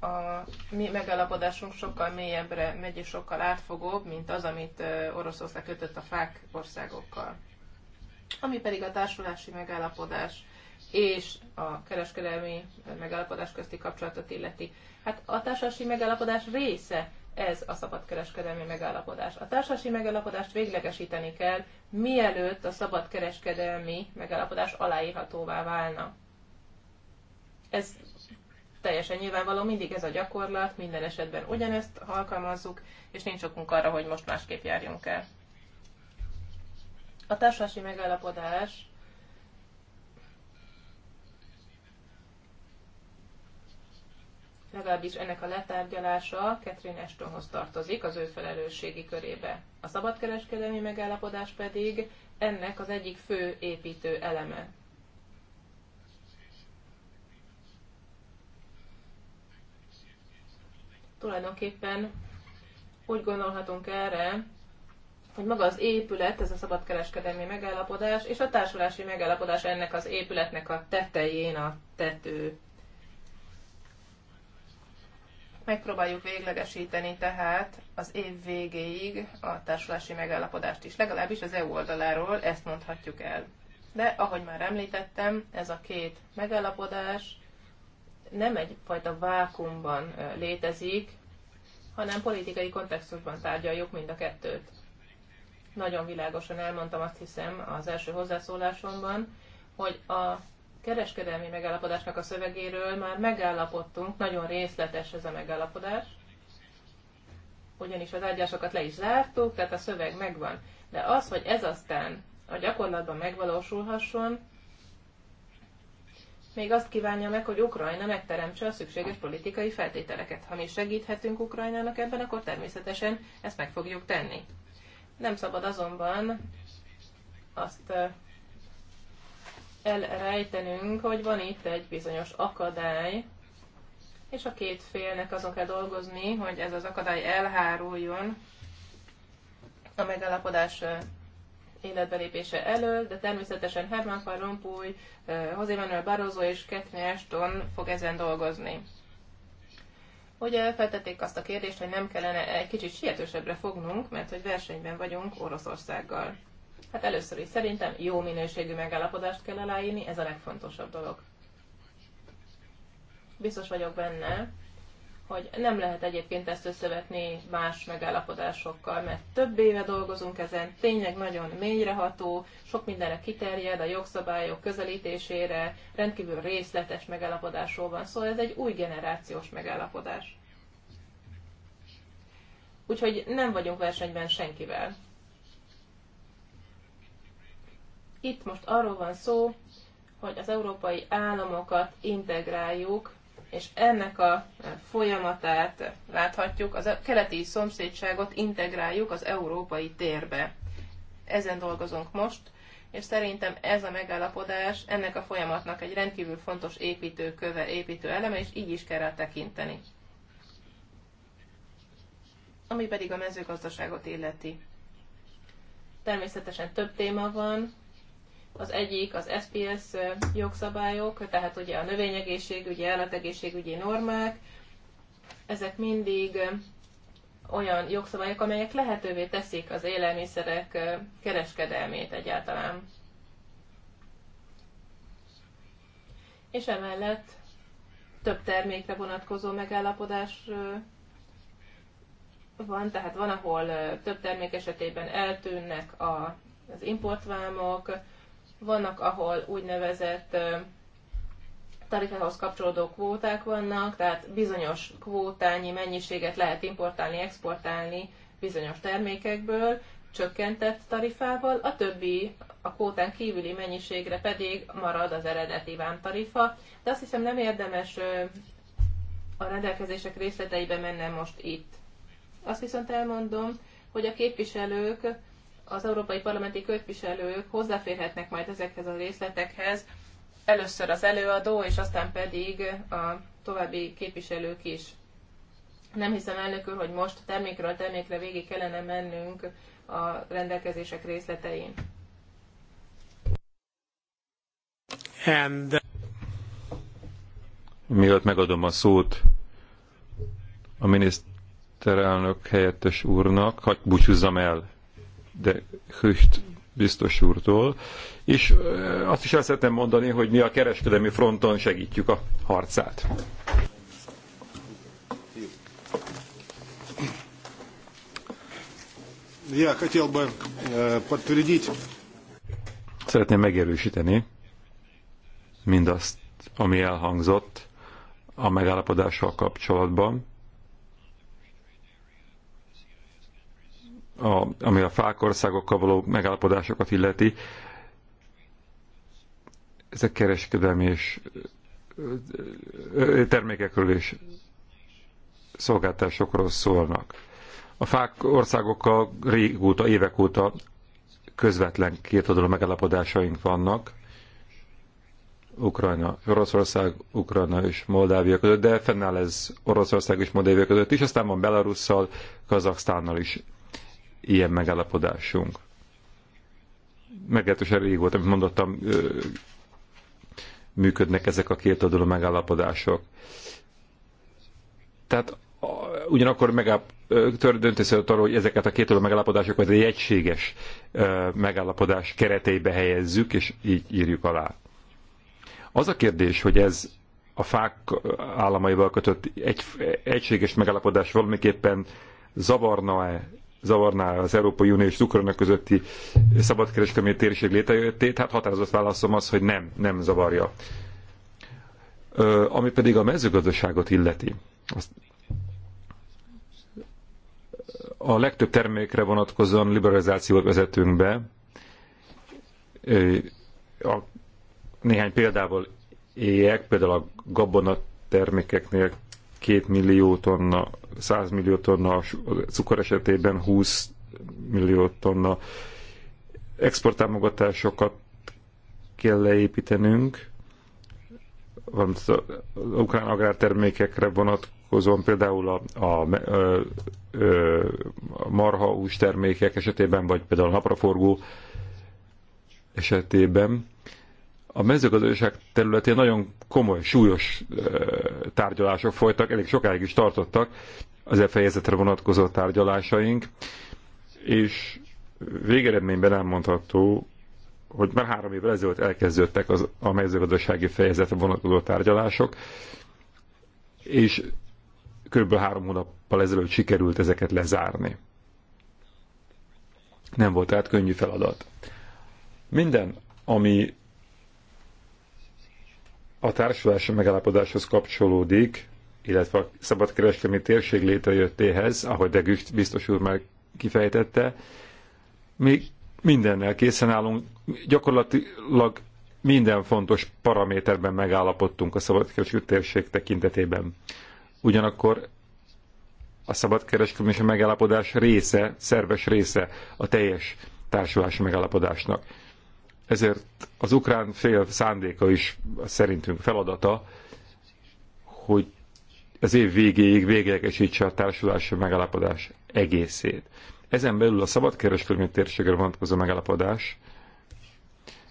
Speaker 2: a mi megállapodásunk sokkal mélyebbre megy és sokkal átfogóbb, mint az, amit Oroszország kötött a fák országokkal. Ami pedig a társulási megállapodás és a kereskedelmi megállapodás közti kapcsolatot illeti. Hát a társasi megállapodás része ez a szabadkereskedelmi megállapodás. A társasi megállapodást véglegesíteni kell, mielőtt a szabadkereskedelmi megállapodás aláírhatóvá válna. Ez teljesen nyilvánvaló, mindig ez a gyakorlat, minden esetben ugyanezt alkalmazzuk, és nincs okunk arra, hogy most másképp járjunk el. A társasi megállapodás legalábbis ennek a letárgyalása Catherine Ashtonhoz tartozik, az ő felelősségi körébe. A szabadkereskedelmi megállapodás pedig ennek az egyik fő építő eleme. Tulajdonképpen úgy gondolhatunk erre, hogy maga az épület, ez a szabadkereskedelmi megállapodás, és a társulási megállapodás ennek az épületnek a tetején a tető. Megpróbáljuk véglegesíteni tehát az év végéig a társulási megállapodást is, legalábbis az EU oldaláról ezt mondhatjuk el. De ahogy már említettem, ez a két megállapodás nem egyfajta vákumban létezik, hanem politikai kontextusban tárgyaljuk mind a kettőt. Nagyon világosan elmondtam azt hiszem az első hozzászólásomban, hogy a kereskedelmi megállapodásnak a szövegéről már megállapodtunk, nagyon részletes ez a megállapodás, ugyanis az ágyásokat le is zártuk, tehát a szöveg megvan. De az, hogy ez aztán a gyakorlatban megvalósulhasson, még azt kívánja meg, hogy Ukrajna megteremtse a szükséges politikai feltételeket. Ha mi segíthetünk Ukrajnának ebben, akkor természetesen ezt meg fogjuk tenni. Nem szabad azonban azt elrejtenünk, hogy van itt egy bizonyos akadály, és a két félnek azon kell dolgozni, hogy ez az akadály elháruljon a megállapodás életbelépése elől, de természetesen Herman Van Rompuy, José Manuel Barroso és Catherine Ashton fog ezen dolgozni. Ugye feltették azt a kérdést, hogy nem kellene egy kicsit sietősebbre fognunk, mert hogy versenyben vagyunk Oroszországgal. Hát először is szerintem jó minőségű megállapodást kell aláírni, ez a legfontosabb dolog. Biztos vagyok benne, hogy nem lehet egyébként ezt összevetni más megállapodásokkal, mert több éve dolgozunk ezen, tényleg nagyon mélyreható, sok mindenre kiterjed, a jogszabályok közelítésére, rendkívül részletes megállapodásról van szó, szóval ez egy új generációs megállapodás. Úgyhogy nem vagyunk versenyben senkivel. Itt most arról van szó, hogy az európai államokat integráljuk, és ennek a e, folyamatát láthatjuk, az a e, keleti szomszédságot integráljuk az európai térbe. Ezen dolgozunk most, és szerintem ez a megállapodás ennek a folyamatnak egy rendkívül fontos építőköve, építő eleme, és így is kell rá tekinteni. Ami pedig a mezőgazdaságot illeti. Természetesen több téma van, az egyik az SPS jogszabályok, tehát ugye a növényegészségügyi, állategészségügyi normák, ezek mindig olyan jogszabályok, amelyek lehetővé teszik az élelmiszerek kereskedelmét egyáltalán. És emellett több termékre vonatkozó megállapodás van, tehát van, ahol több termék esetében eltűnnek az importvámok, vannak, ahol úgynevezett tarifához kapcsolódó kvóták vannak, tehát bizonyos kvótányi mennyiséget lehet importálni, exportálni bizonyos termékekből, csökkentett tarifával, a többi a kvótán kívüli mennyiségre pedig marad az eredeti vámtarifa, de azt hiszem nem érdemes a rendelkezések részleteibe mennem most itt. Azt viszont elmondom, hogy a képviselők az európai parlamenti képviselők hozzáférhetnek majd ezekhez a részletekhez, először az előadó, és aztán pedig a további képviselők is. Nem hiszem, elnök úr, hogy most termékről termékre végig kellene mennünk a rendelkezések részletein. And... Uh,
Speaker 1: Mielőtt megadom a szót a miniszterelnök helyettes úrnak, hagyj búcsúzzam el de Höcht biztos úrtól, és azt is el szeretném mondani, hogy mi a kereskedelmi fronton segítjük a harcát. Я хотел бы э, подтвердить. Szeretném megerősíteni mindazt, ami elhangzott a megállapodással kapcsolatban a, ami a fák országokkal való megállapodásokat illeti, ezek kereskedelmi és termékekről és szolgáltásokról szólnak. A fák országokkal régóta, évek óta közvetlen kétoldalú megállapodásaink vannak, Ukrajna, Oroszország, Ukrajna és Moldávia között, de fennáll ez Oroszország és Moldávia között is, aztán van Belarusszal, Kazaksztánnal is ilyen megállapodásunk. Meglehetősen volt, amit mondottam, működnek ezek a két oldalú megállapodások. Tehát ugyanakkor megáll, döntés arról, hogy ezeket a két oldalú megállapodásokat egy egységes megállapodás keretébe helyezzük, és így írjuk alá. Az a kérdés, hogy ez a fák államaival kötött egy, egységes megállapodás valamiképpen zavarna-e zavarná az Európai Unió és Ukrajna közötti szabadkereskedelmi térség létrejöttét, hát határozott válaszom az, hogy nem, nem zavarja. Ö, ami pedig a mezőgazdaságot illeti, azt a legtöbb termékre vonatkozóan liberalizációt vezetünk be. Ö, a, néhány példával éjek, például a gabona termékeknél 2 millió tonna, 100 millió tonna, cukor esetében 20 millió tonna exporttámogatásokat kell leépítenünk, valamint az ukrán agrártermékekre vonatkozóan például a, a, a, a marha termékek esetében, vagy például a napraforgó esetében a mezőgazdaság területén nagyon komoly, súlyos tárgyalások folytak, elég sokáig is tartottak az e fejezetre vonatkozó tárgyalásaink, és végeredményben elmondható, hogy már három évvel ezelőtt elkezdődtek az, a mezőgazdasági fejezetre vonatkozó tárgyalások, és körülbelül három hónappal ezelőtt sikerült ezeket lezárni. Nem volt tehát könnyű feladat. Minden, ami a társulási megállapodáshoz kapcsolódik, illetve a szabadkereskedelmi térség létrejöttéhez, ahogy de Güst biztos úr már kifejtette, mi mindennel készen állunk, gyakorlatilag minden fontos paraméterben megállapodtunk a szabadkereskedelmi térség tekintetében. Ugyanakkor a szabadkereskedelmi és a megállapodás része, szerves része a teljes társulási megállapodásnak ezért az ukrán fél szándéka is szerintünk feladata, hogy az év végéig véglegesítse a társulási megállapodás egészét. Ezen belül a szabadkereskedelmi térségre vonatkozó megállapodás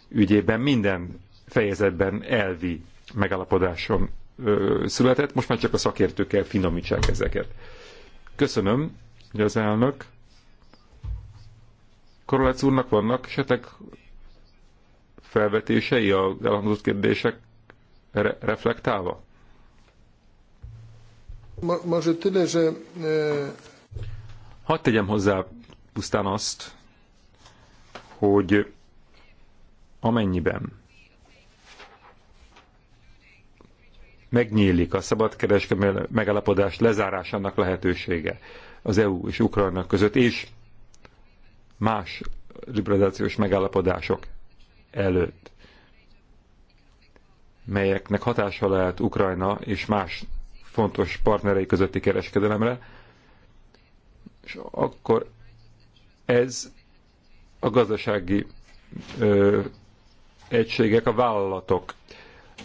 Speaker 1: ügyében minden fejezetben elvi megállapodáson ö, született, most már csak a szakértőkkel finomítsák ezeket. Köszönöm, hogy az elnök. Korolec úrnak vannak esetleg felvetései az elhangzott kérdések re reflektálva?
Speaker 2: Może tyle, że... E,
Speaker 1: Hadd tegyem hozzá pusztán azt, hogy amennyiben megnyílik a szabadkereskedelmi megállapodás lezárásának lehetősége az EU és Ukrajna között, és más liberalizációs megállapodások előtt, melyeknek hatása lehet Ukrajna és más fontos partnerei közötti kereskedelemre, és akkor ez a gazdasági ö, egységek, a vállalatok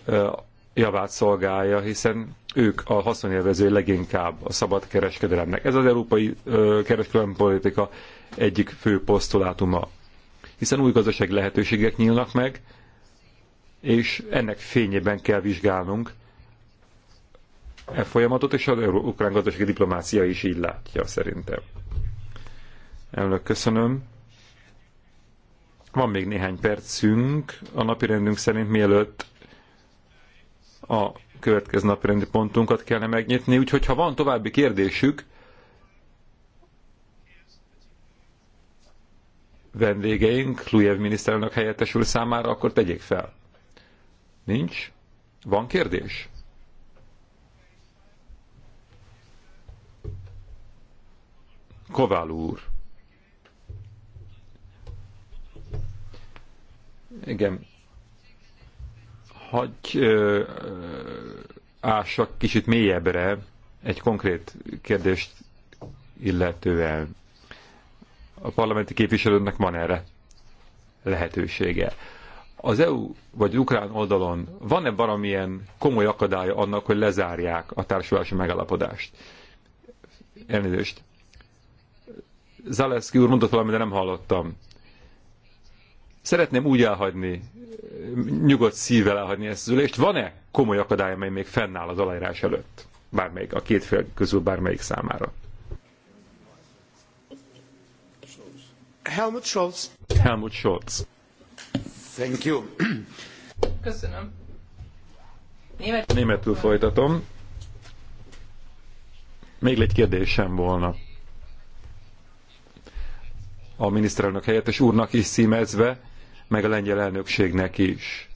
Speaker 1: ö, javát szolgálja, hiszen ők a haszonélvező leginkább a szabad kereskedelemnek. Ez az európai kereskedelmi politika egyik fő posztulátuma hiszen új gazdasági lehetőségek nyílnak meg, és ennek fényében kell vizsgálnunk e folyamatot, és az ukrán gazdasági diplomácia is így látja szerintem. Elnök, köszönöm. Van még néhány percünk a napirendünk szerint, mielőtt a következő napirendi pontunkat kellene megnyitni, úgyhogy ha van további kérdésük, vendégeink, Lujev miniszterelnök helyettes úr számára, akkor tegyék fel. Nincs? Van kérdés? Kovál úr. Igen. Hagy ássak kicsit mélyebbre egy konkrét kérdést illetően a parlamenti képviselőnek van erre lehetősége. Az EU vagy Ukrán oldalon van-e valamilyen komoly akadálya annak, hogy lezárják a társulási megállapodást? Elnézést. Zaleszki úr mondott valamit, de nem hallottam. Szeretném úgy elhagyni, nyugodt szívvel elhagyni ezt az ülést. Van-e komoly akadály, amely még fennáll az aláírás előtt? Bármelyik, a két fél közül bármelyik számára. Helmut Scholz. Helmut Scholz. Thank you.
Speaker 2: Köszönöm. Németül, Németül
Speaker 1: folytatom. Még egy kérdésem volna. A miniszterelnök helyettes úrnak is címezve, meg a lengyel elnökségnek is.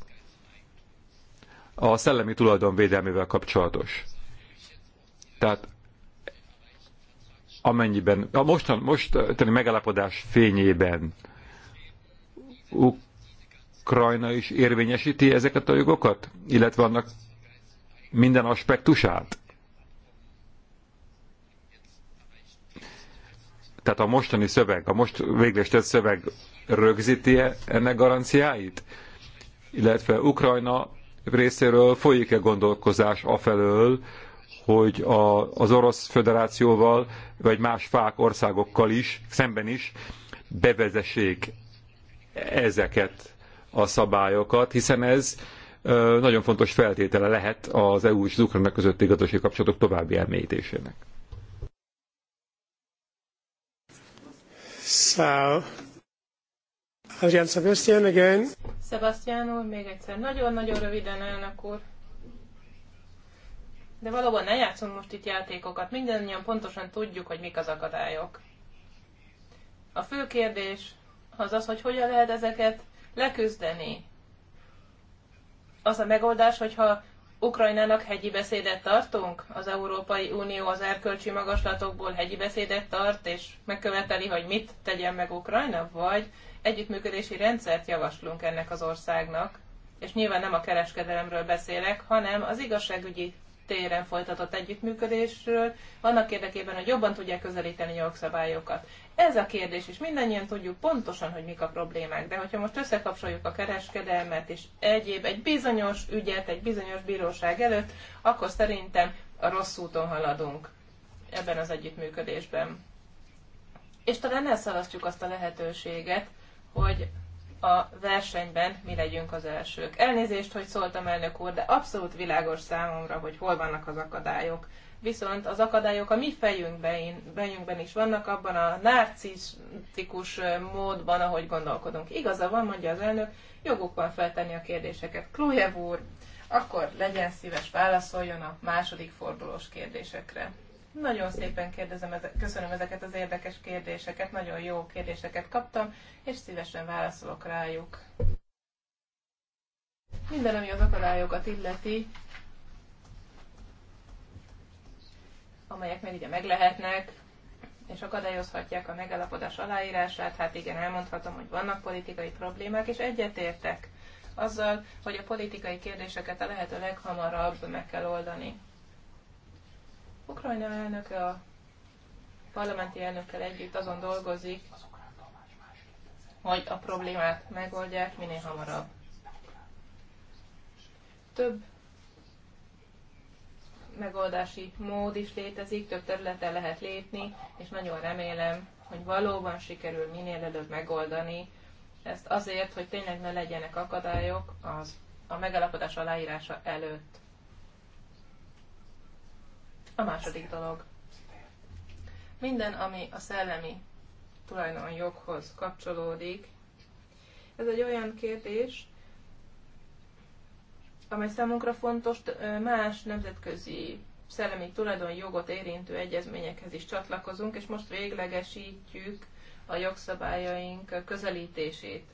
Speaker 1: A szellemi tulajdon védelmével kapcsolatos. Tehát amennyiben a mostan, mostani eh, megállapodás fényében Ukrajna is érvényesíti ezeket a jogokat, illetve annak minden aspektusát? Tehát a mostani szöveg, a most végleges szöveg rögzíti -e ennek garanciáit? Illetve Ukrajna részéről folyik-e gondolkozás afelől, hogy a, az Orosz Föderációval, vagy más fák országokkal is, szemben is bevezessék ezeket a szabályokat, hiszen ez nagyon fontos feltétele lehet az EU és az Ukrajna közötti gazdasági kapcsolatok további elmélyítésének. So, Adrian Sebastian again.
Speaker 2: Sebastian úr, még egyszer nagyon-nagyon röviden, elnök úr. De valóban ne játszunk most itt játékokat, mindannyian pontosan tudjuk, hogy mik az akadályok. A fő kérdés az az, hogy hogyan lehet ezeket leküzdeni. Az a megoldás, hogyha Ukrajnának hegyi beszédet tartunk, az Európai Unió az erkölcsi magaslatokból hegyi beszédet tart, és megköveteli, hogy mit tegyen meg Ukrajna, vagy együttműködési rendszert javaslunk ennek az országnak. És nyilván nem a kereskedelemről beszélek, hanem az igazságügyi téren folytatott együttműködésről, annak érdekében, hogy jobban tudják közelíteni a jogszabályokat. Ez a kérdés, és mindannyian tudjuk pontosan, hogy mik a problémák, de hogyha most összekapcsoljuk a kereskedelmet és egyéb, egy bizonyos ügyet, egy bizonyos bíróság előtt, akkor szerintem a rossz úton haladunk ebben az együttműködésben. És talán elszalasztjuk azt a lehetőséget, hogy a versenyben mi legyünk az elsők. Elnézést, hogy szóltam elnök úr, de abszolút világos számomra, hogy hol vannak az akadályok. Viszont az akadályok a mi fejünkben, fejünkben is vannak, abban a narcisztikus módban, ahogy gondolkodunk. Igaza van, mondja az elnök, joguk van feltenni a kérdéseket. Klujev úr, akkor legyen szíves, válaszoljon a második fordulós kérdésekre. Nagyon szépen kérdezem, köszönöm ezeket az érdekes kérdéseket, nagyon jó kérdéseket kaptam, és szívesen válaszolok rájuk. Minden, ami az akadályokat illeti, amelyek meg ugye meglehetnek, és akadályozhatják a megállapodás aláírását, hát igen, elmondhatom, hogy vannak politikai problémák, és egyetértek azzal, hogy a politikai kérdéseket a lehető leghamarabb meg kell oldani. Ukrajna elnöke a parlamenti elnökkel együtt azon dolgozik, hogy a problémát megoldják minél hamarabb. Több megoldási mód is létezik, több területen lehet lépni, és nagyon remélem, hogy valóban sikerül minél előbb megoldani ezt azért, hogy tényleg ne legyenek akadályok az, a megalapodás aláírása előtt. A második dolog. Minden, ami a szellemi joghoz kapcsolódik, ez egy olyan kérdés, amely számunkra fontos más nemzetközi szellemi jogot érintő egyezményekhez is csatlakozunk, és most véglegesítjük a jogszabályaink közelítését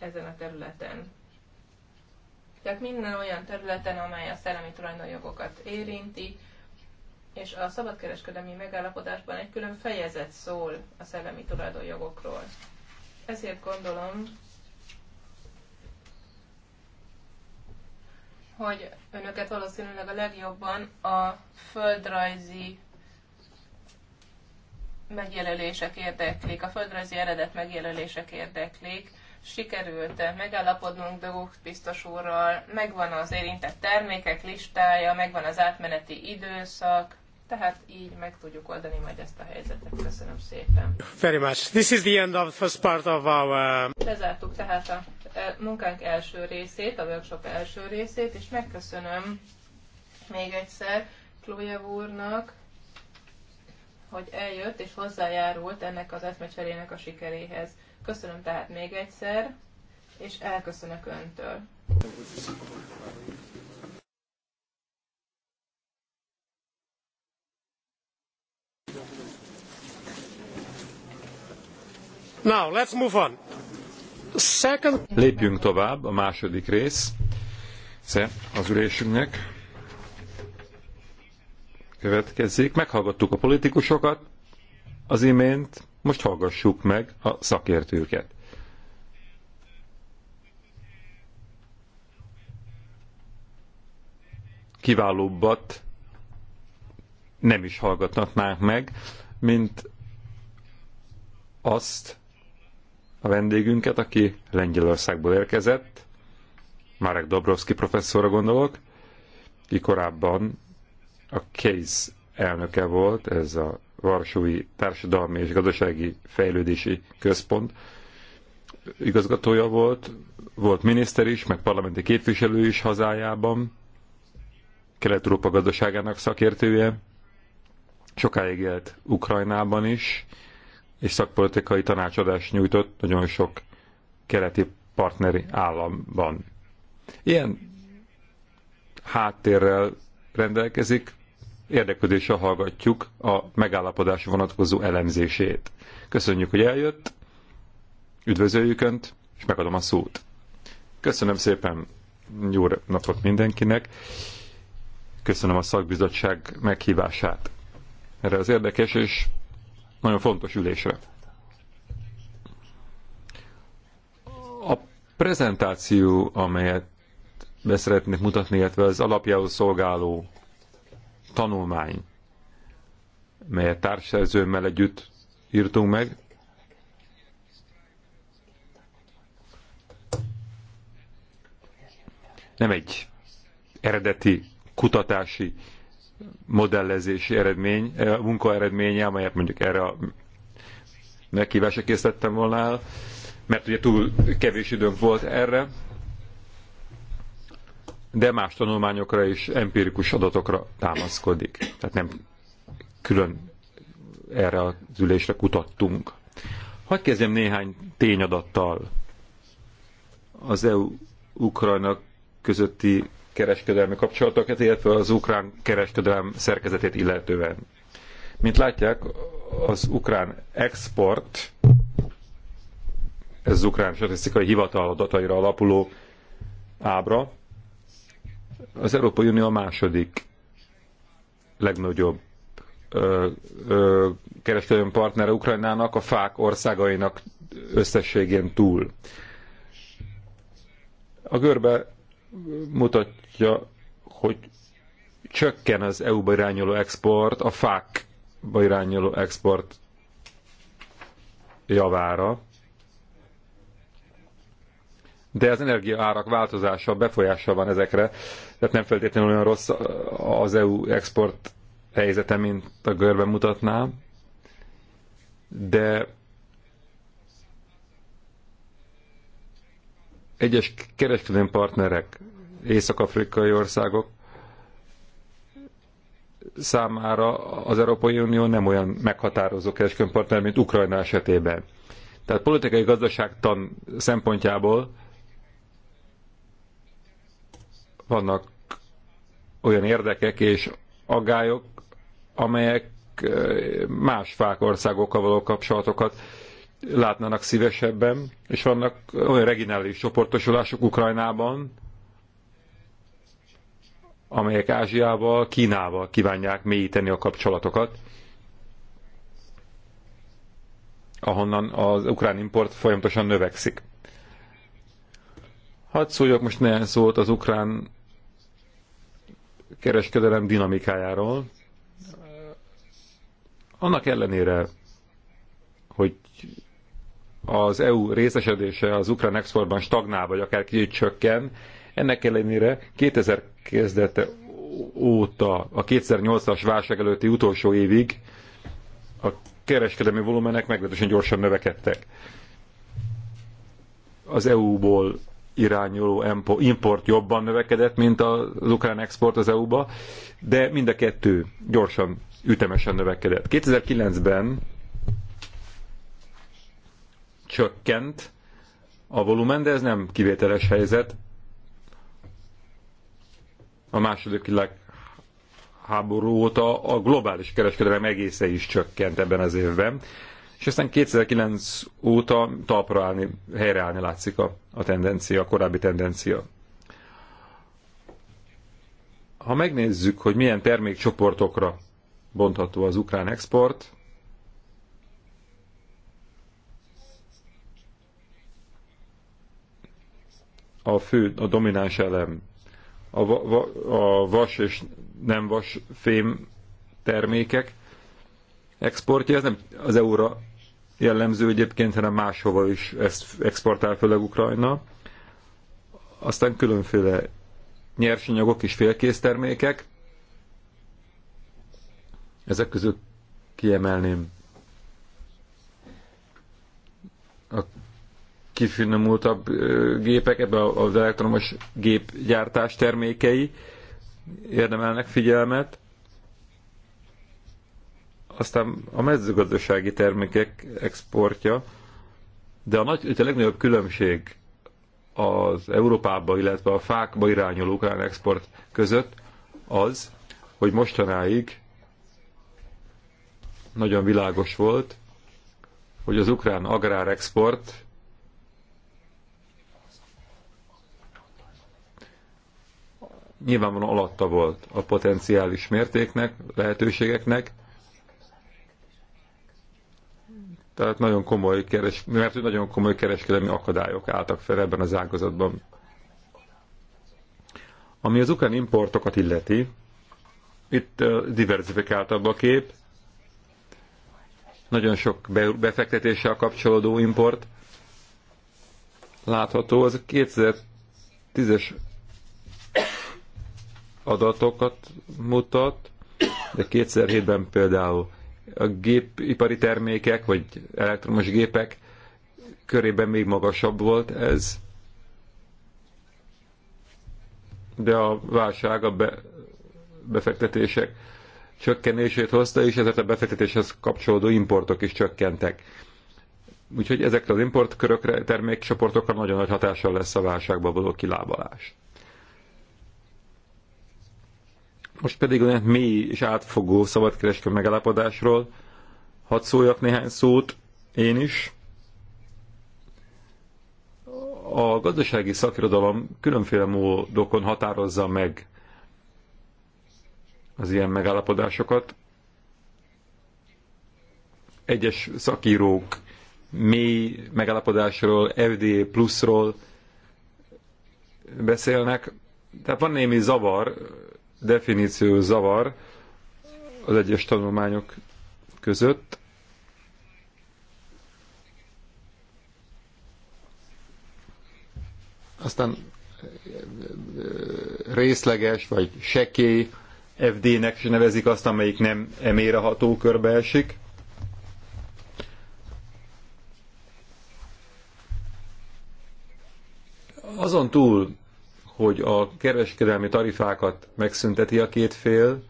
Speaker 2: ezen a területen. Tehát minden olyan területen, amely a szellemi tulajdonjogokat érinti, és a szabadkereskedelmi megállapodásban egy külön fejezet szól a szellemi tulajdonjogokról. Ezért gondolom, hogy önöket valószínűleg a legjobban a földrajzi megjelölések érdeklik, a földrajzi eredet megjelölések érdeklik, sikerült megállapodnunk Doguk biztos úrral, megvan az érintett termékek listája, megvan az átmeneti időszak, tehát így meg tudjuk oldani majd ezt a helyzetet. Köszönöm szépen.
Speaker 1: Very much. This is the end of the first part of our... Uh,
Speaker 2: Lezártuk tehát a e, munkánk első részét, a workshop első részét, és megköszönöm még egyszer Klója úrnak, hogy eljött és hozzájárult ennek az eszmecserének a sikeréhez. Köszönöm tehát még egyszer, és elköszönök Öntől.
Speaker 1: Now, let's move on. Second... Lépjünk tovább, a második rész az ülésünknek következik. Meghallgattuk a politikusokat az imént, most hallgassuk meg a szakértőket. Kiválóbbat nem is hallgatnánk meg, mint azt a vendégünket, aki Lengyelországból érkezett, Marek Dobrovski professzorra gondolok, ki korábban a Case elnöke volt, ez a Varsói Társadalmi és Gazdasági Fejlődési Központ igazgatója volt, volt miniszter is, meg parlamenti képviselő is hazájában, Kelet-Európa gazdaságának szakértője, sokáig élt Ukrajnában is, és szakpolitikai tanácsadást nyújtott nagyon sok keleti partneri államban. Ilyen háttérrel rendelkezik, érdeklődéssel hallgatjuk a megállapodás vonatkozó elemzését. Köszönjük, hogy eljött, üdvözöljük Önt, és megadom a szót. Köszönöm szépen, jó napot mindenkinek, köszönöm a szakbizottság meghívását erre az érdekes és nagyon fontos ülésre. A prezentáció, amelyet be szeretnék mutatni, illetve az alapjául szolgáló tanulmány, melyet társszerzőmmel együtt írtunk meg, nem egy eredeti kutatási modellezési eredmény, eh, munka eredménye, amelyet mondjuk erre a megkívásra készítettem volna el, mert ugye túl kevés időnk volt erre, de más tanulmányokra és empirikus adatokra támaszkodik. Tehát nem külön erre az ülésre kutattunk. Hogy kezdjem néhány tényadattal. Az EU-Ukrajna közötti kereskedelmi kapcsolatokat, illetve az ukrán kereskedelem szerkezetét illetően. Mint látják, az ukrán export, ez az ukrán statisztikai hivatal adataira alapuló ábra, az Európai Unió a második legnagyobb kereskedelmi partnere Ukrajnának, a fák országainak összességén túl. A görbe mutatja, hogy csökken az EU-ba irányuló export, a fák irányuló export javára, de az energiaárak változása befolyással van ezekre tehát nem feltétlenül olyan rossz az EU export helyzete, mint a görbe mutatná, de egyes kereskedelmi partnerek, észak-afrikai országok számára az Európai Unió nem olyan meghatározó kereskedelmi partner, mint Ukrajna esetében. Tehát politikai gazdaságtan szempontjából vannak olyan érdekek és aggályok, amelyek eh, más fák országokkal való kapcsolatokat látnának szívesebben, és vannak olyan regionális csoportosulások Ukrajnában, amelyek Ázsiával, Kínával kívánják mélyíteni a kapcsolatokat, ahonnan az ukrán import folyamatosan növekszik. Hadd szóljak most néhány szót az ukrán kereskedelem dinamikájáról. Annak ellenére, hogy az EU részesedése az ukrán exportban stagnál, vagy akár kicsit csökken, ennek ellenére 2000 kezdete óta, a 2008-as válság előtti utolsó évig a kereskedelmi volumenek meglehetősen gyorsan növekedtek. Az EU-ból irányuló import jobban növekedett, mint az ukrán export az EU-ba, de mind a kettő gyorsan, ütemesen növekedett. 2009-ben csökkent a volumen, de ez nem kivételes helyzet. A második világháború óta a globális kereskedelem egésze is csökkent ebben az évben és aztán 2009 óta talpra állni, helyreállni látszik a, a tendencia, a korábbi tendencia. Ha megnézzük, hogy milyen termékcsoportokra bontható az ukrán export, a fő, a domináns elem a, va, a vas és nem vas fém termékek exportja, ez nem az eu jellemző egyébként, hanem máshova is ezt exportál főleg Ukrajna. Aztán különféle nyersanyagok és félkész termékek. Ezek közül kiemelném a kifinomultabb gépek, ebbe az elektromos gépgyártás termékei érdemelnek figyelmet. Aztán a mezőgazdasági termékek exportja, de a, nagy, a legnagyobb különbség az Európába, illetve a fákba irányuló ukrán export között az, hogy mostanáig nagyon világos volt, hogy az ukrán agrárexport nyilvánvalóan alatta volt a potenciális mértéknek, lehetőségeknek, Tehát nagyon komoly, keres, mert nagyon komoly kereskedelmi akadályok álltak fel ebben az ágazatban. Ami az ukrán importokat illeti, itt diversifikáltabb a kép, nagyon sok befektetéssel kapcsolódó import látható. Az 2010-es adatokat mutat, de 2007-ben például a gépipari termékek, vagy elektromos gépek körében még magasabb volt ez. De a válság, a be, befektetések csökkenését hozta, és ezért a befektetéshez kapcsolódó importok is csökkentek. Úgyhogy ezekre az importkörökre, termékcsoportokra nagyon nagy hatással lesz a válságba való kilábalás. Most pedig olyan mély és átfogó szabadkereskedő megállapodásról hadd szóljak néhány szót én is. A gazdasági szakirodalom különféle módokon határozza meg az ilyen megállapodásokat. Egyes szakírók mély megállapodásról, FD pluszról beszélnek. Tehát van némi zavar definíció zavar az egyes tanulmányok között. Aztán részleges vagy sekély FD-nek is nevezik azt, amelyik nem eméreható körbe esik. Azon túl, hogy a kereskedelmi tarifákat megszünteti a két fél,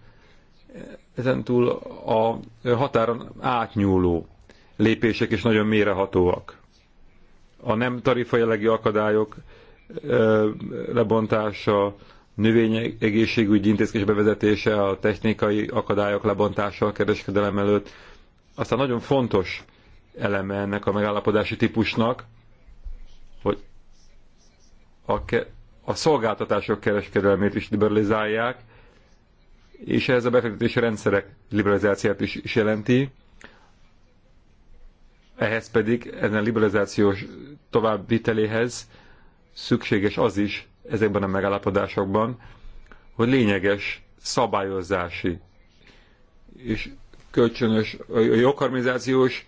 Speaker 1: ezentúl a határon átnyúló lépések is nagyon mérehatóak. A nem tarifa jellegű akadályok lebontása, növényegészségügyi intézkedés bevezetése, a technikai akadályok lebontása a kereskedelem előtt. Aztán nagyon fontos eleme ennek a megállapodási típusnak, hogy a, ke- a szolgáltatások kereskedelmét is liberalizálják, és ez a befektetési rendszerek liberalizációt is, is jelenti. Ehhez pedig ezen liberalizációs továbbviteléhez szükséges az is ezekben a megállapodásokban, hogy lényeges szabályozási és kölcsönös, jogharmonizációs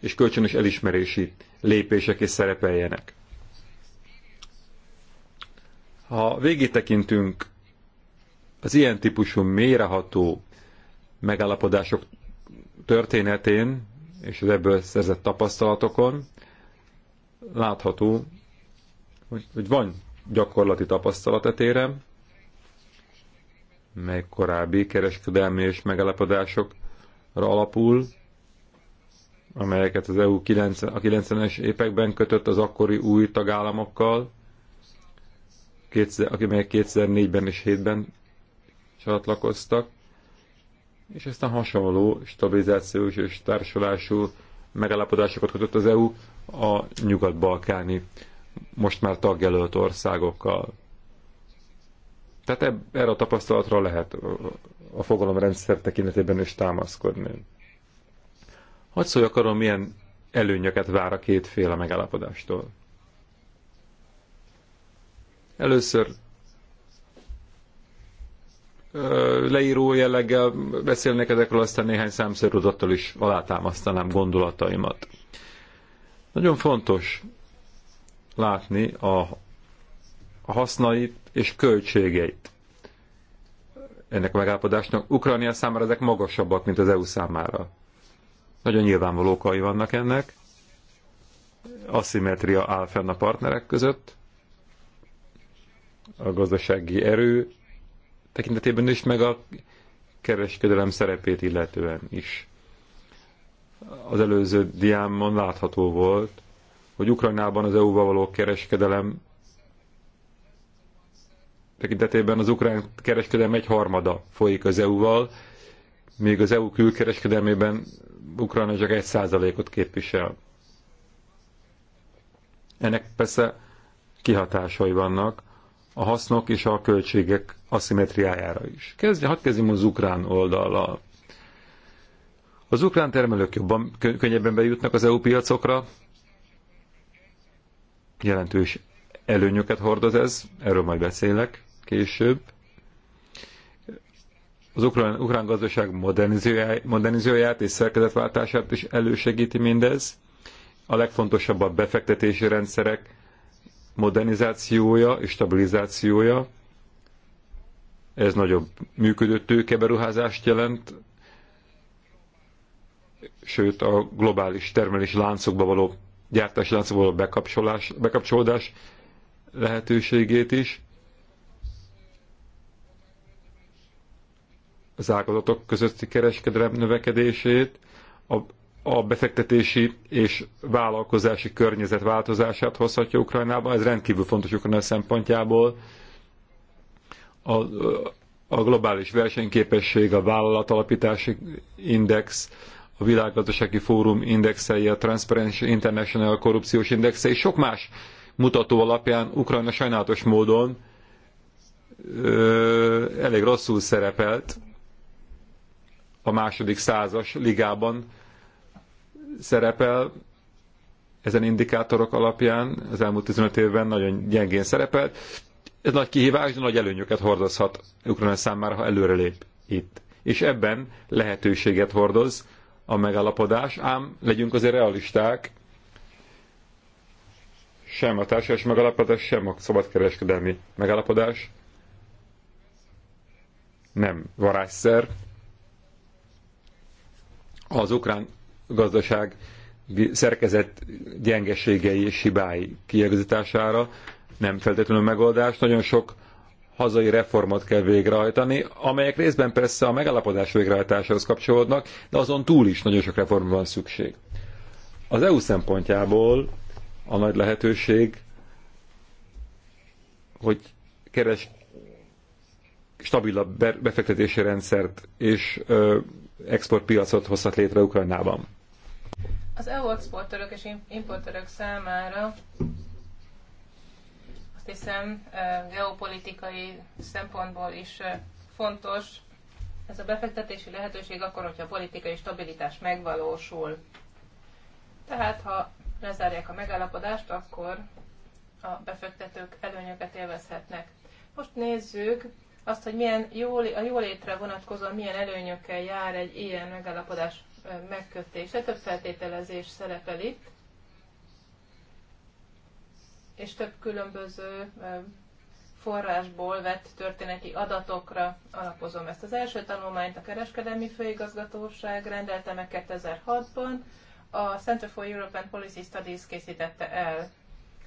Speaker 1: és kölcsönös elismerési lépések is szerepeljenek. Ha végigtekintünk az ilyen típusú mélyreható megállapodások történetén és az ebből szerzett tapasztalatokon, látható, hogy, van gyakorlati tapasztalat téren, mely korábbi kereskedelmi és megállapodásokra alapul, amelyeket az EU 90, a 90-es években kötött az akkori új tagállamokkal, amelyek 2004-ben és 2007-ben csatlakoztak, és ezt a hasonló stabilizációs és társulású megállapodásokat kötött az EU a nyugat-balkáni, most már tagjelölt országokkal. Tehát eb, erre a tapasztalatra lehet a fogalomrendszer tekintetében is támaszkodni. Hadd szólj akarom, milyen előnyöket vár a két fél a megállapodástól. Először leíró jelleggel beszélnek ezekről, aztán néhány számszerűdattal is alátámasztanám gondolataimat. Nagyon fontos látni a, a hasznait és költségeit ennek a megállapodásnak. Ukrajna számára ezek magasabbak, mint az EU számára. Nagyon nyilvánvaló okai vannak ennek. Aszimetria áll fenn a partnerek között a gazdasági erő tekintetében is, meg a kereskedelem szerepét illetően is. Az előző diámon látható volt, hogy Ukrajnában az EU-val való kereskedelem tekintetében az ukrán kereskedelem egy harmada folyik az EU-val, míg az EU külkereskedelmében Ukrajna csak egy százalékot képvisel. Ennek persze kihatásai vannak a hasznok és a költségek aszimetriájára is. Kezdje, hadd kezdjem az ukrán oldallal. Az ukrán termelők jobban, könnyebben bejutnak az EU piacokra, jelentős előnyöket hordoz ez, erről majd beszélek később. Az ukrán, ukrán gazdaság modernizóját és szerkezetváltását is elősegíti mindez. A legfontosabb a befektetési rendszerek, modernizációja és stabilizációja. Ez nagyobb működő tőkeberuházást jelent, sőt a globális termelés láncokba való, gyártási láncokba való bekapcsolás, bekapcsolódás lehetőségét is. Az ágazatok közötti kereskedelem növekedését, a a befektetési és vállalkozási környezet változását hozhatja Ukrajnában. Ez rendkívül fontos Ukrajna szempontjából. A, a globális versenyképesség, a vállalatalapítási index, a világgazdasági fórum indexei, a Transparency International a korrupciós indexei, sok más mutató alapján Ukrajna sajnálatos módon ö, elég rosszul szerepelt a második százas ligában, szerepel, ezen indikátorok alapján az elmúlt 15 évben nagyon gyengén szerepelt. Ez nagy kihívás, de nagy előnyöket hordozhat Ukrajna számára, ha előrelép itt. És ebben lehetőséget hordoz a megállapodás, ám legyünk azért realisták, sem a társas megállapodás, sem a szabadkereskedelmi megállapodás nem varázsszer. Az ukrán gazdaság szerkezet gyengeségei és hibái kiegzítására nem feltétlenül megoldás. Nagyon sok hazai reformot kell végrehajtani, amelyek részben persze a megállapodás végrehajtásához kapcsolódnak, de azon túl is nagyon sok reformra van szükség. Az EU szempontjából a nagy lehetőség, hogy keres stabilabb befektetési rendszert és exportpiacot hozhat létre Ukrajnában.
Speaker 2: Az EU exportőrök és importőrök számára azt hiszem geopolitikai szempontból is fontos ez a befektetési lehetőség akkor, hogyha a politikai stabilitás megvalósul. Tehát, ha lezárják a megállapodást, akkor a befektetők előnyöket élvezhetnek. Most nézzük azt, hogy milyen jól, a jólétre vonatkozóan milyen előnyökkel jár egy ilyen megállapodás megkötése, több feltételezés szerepel itt, és több különböző forrásból vett történeti adatokra alapozom ezt. Az első tanulmányt a Kereskedelmi Főigazgatóság rendelte meg 2006-ban, a Center for European Policy Studies készítette el.